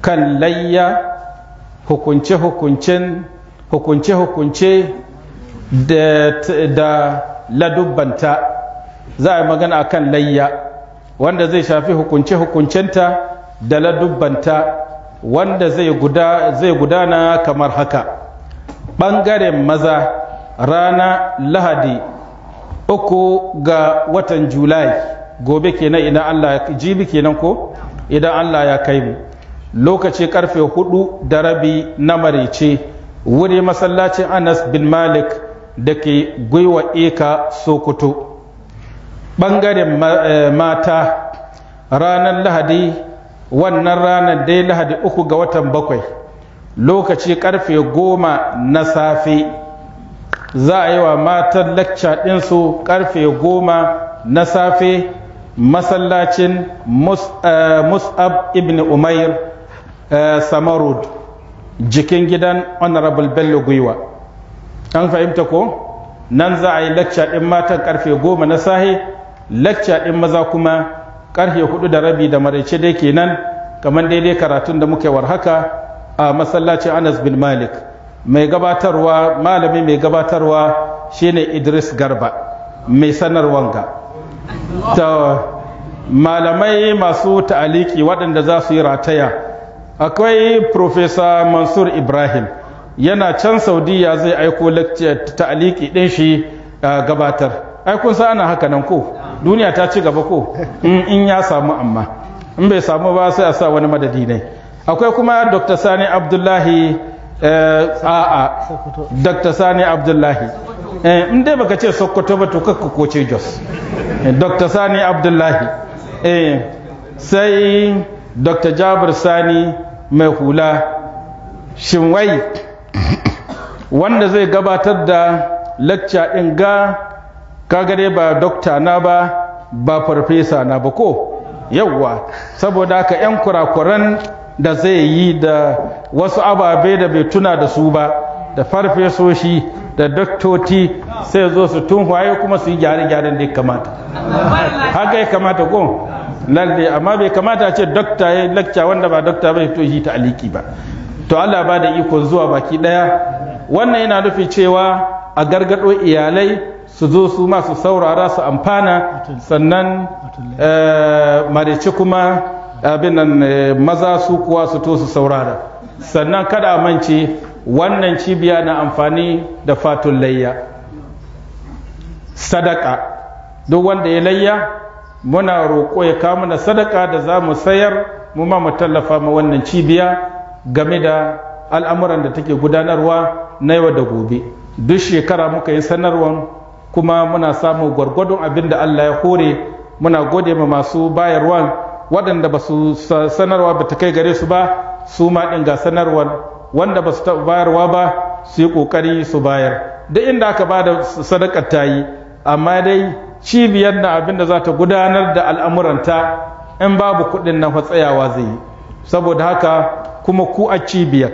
kan layya hukunce hukunce-hukunce da ladubbanta za a yi magana a kan layya wanda zai shafi hukunce-hukuncenta da ladubbanta wanda zai gudana kamar haka ɓangaren maza rana lahadi uku ga watan julai gobe kenan idan allah ya jibi kenan ko idan allah ya kai mu lokaci karfe hudu da rabi na marice wuri masallacin anas bin malik da ke gwiwa eka sokoto ɓangaren eh, mata ranar lahadi wannan ranar dai lahadi uku ga watan bakwai lokaci karfe goma na safe za a yi wa matan lakca ɗinsu ƙarfe goma na safe masallacin eh, mus'ab ibn umair eh, samarud jikin gidan honorable bello gwiwa an fahimta ko nan za a yi lacca ɗin matan ƙarfe goma na sahe lacca ɗin maza kuma ƙarfe hudu da rabi da maraice dai kenan kamar daidai karatun da muke war haka a masallacin anas bin malik mai gabatarwa malami mai gabatarwa shine idris garba mai sanarwan ga malamai masu ta'aliki waɗanda za su yi rataya akwai profesa mansur ibrahim yana can saudiya zai aiko ta'aliki ɗin shi gabatar aikun sa ana haka nan ko duniya ta ci gaba ko in ya samu amma in bai samu ba sai a sa wani madadi ne akwai kuma dr sani abdullahi Eh, a'a dr sani abdullahi eh, in dai baka ce sokoto ba to kakka ko ce jos eh, dr sani abdullahi sai dr jabir sani mai hula shinwai wanda zai gabatar da lacca ɗin ga kagare ba dokta na ba ba farfesa na ba ko yauwa saboda haka 'yan kurakuran da zai yi da wasu ababe da bai tuna da su ba da farfesoshi da doktoti sai zo su tun waye kuma su yi gyare-gyaren da ya kamata haka ya kamata ko lalle amma bai kamata a ce dokta ya lakca wanda ba dokta bai to yi ta aliki ba to Allah ba da ikon zuwa baki daya wannan yana nufi cewa a gargado iyalai su zo su masu saurara su amfana sannan eh, marice kuma abin nan eh, maza su kuwa su to su saurara sannan kada mance wannan cibiya na amfani da fatun layya sadaka duk wanda ya layya muna roƙo ya kawo mana sadaka da za mu sayar mu ma mu tallafa ma wannan cibiya game da al'amuran da take gudanarwa na yau da gobe duk shekara muka yi sanarwar kuma muna samun gwargwadon abin da Allah ya hore muna gode ma masu bayarwa. waɗanda ba su sanarwa ba ta kai gare su ba su ma ɗin ga sanarwar wanda ba su bayarwa ba su yi ƙoƙari su bayar duk inda aka ba da sadakar ta yi amma dai cibiyar na abin da za ta gudanar da al'amuranta in babu kuɗin na tsayawa zai yi saboda haka kuma ku a cibiyar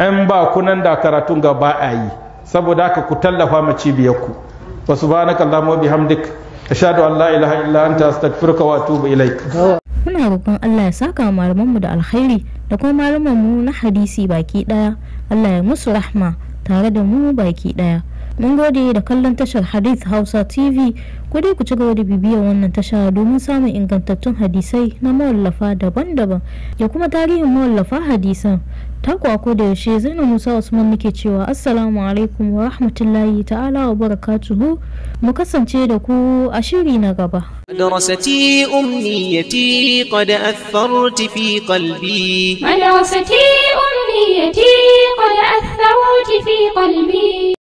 in ba ku nan da karatu ga ba a yi saboda haka ku tallafa ma cibiyarku wasu ba na kallama bihamdik ashadu an la ilaha illa anta astaghfiruka wa atubu ilaik muna roƙon Allah ya saka malamanmu da alkhairi da kuma malamanmu na hadisi baki ɗaya Allah ya musu rahma tare da mu baki ɗaya mun gode da kallon tashar hadith hausa tv ku dai ku ci gaba da bibiyar wannan tasha domin samun ingantattun hadisai na mawallafa daban-daban ya kuma tarihin mawallafa hadisan tanko a da yaushe zainab musa usman nake cewa assalamu alaikum wa rahmatullahi ta'ala wa barakatuhu mu kasance da ku a shiri na gaba madrasati umniyati qad atharti fi qalbi madrasati umniyati qad atharti fi qalbi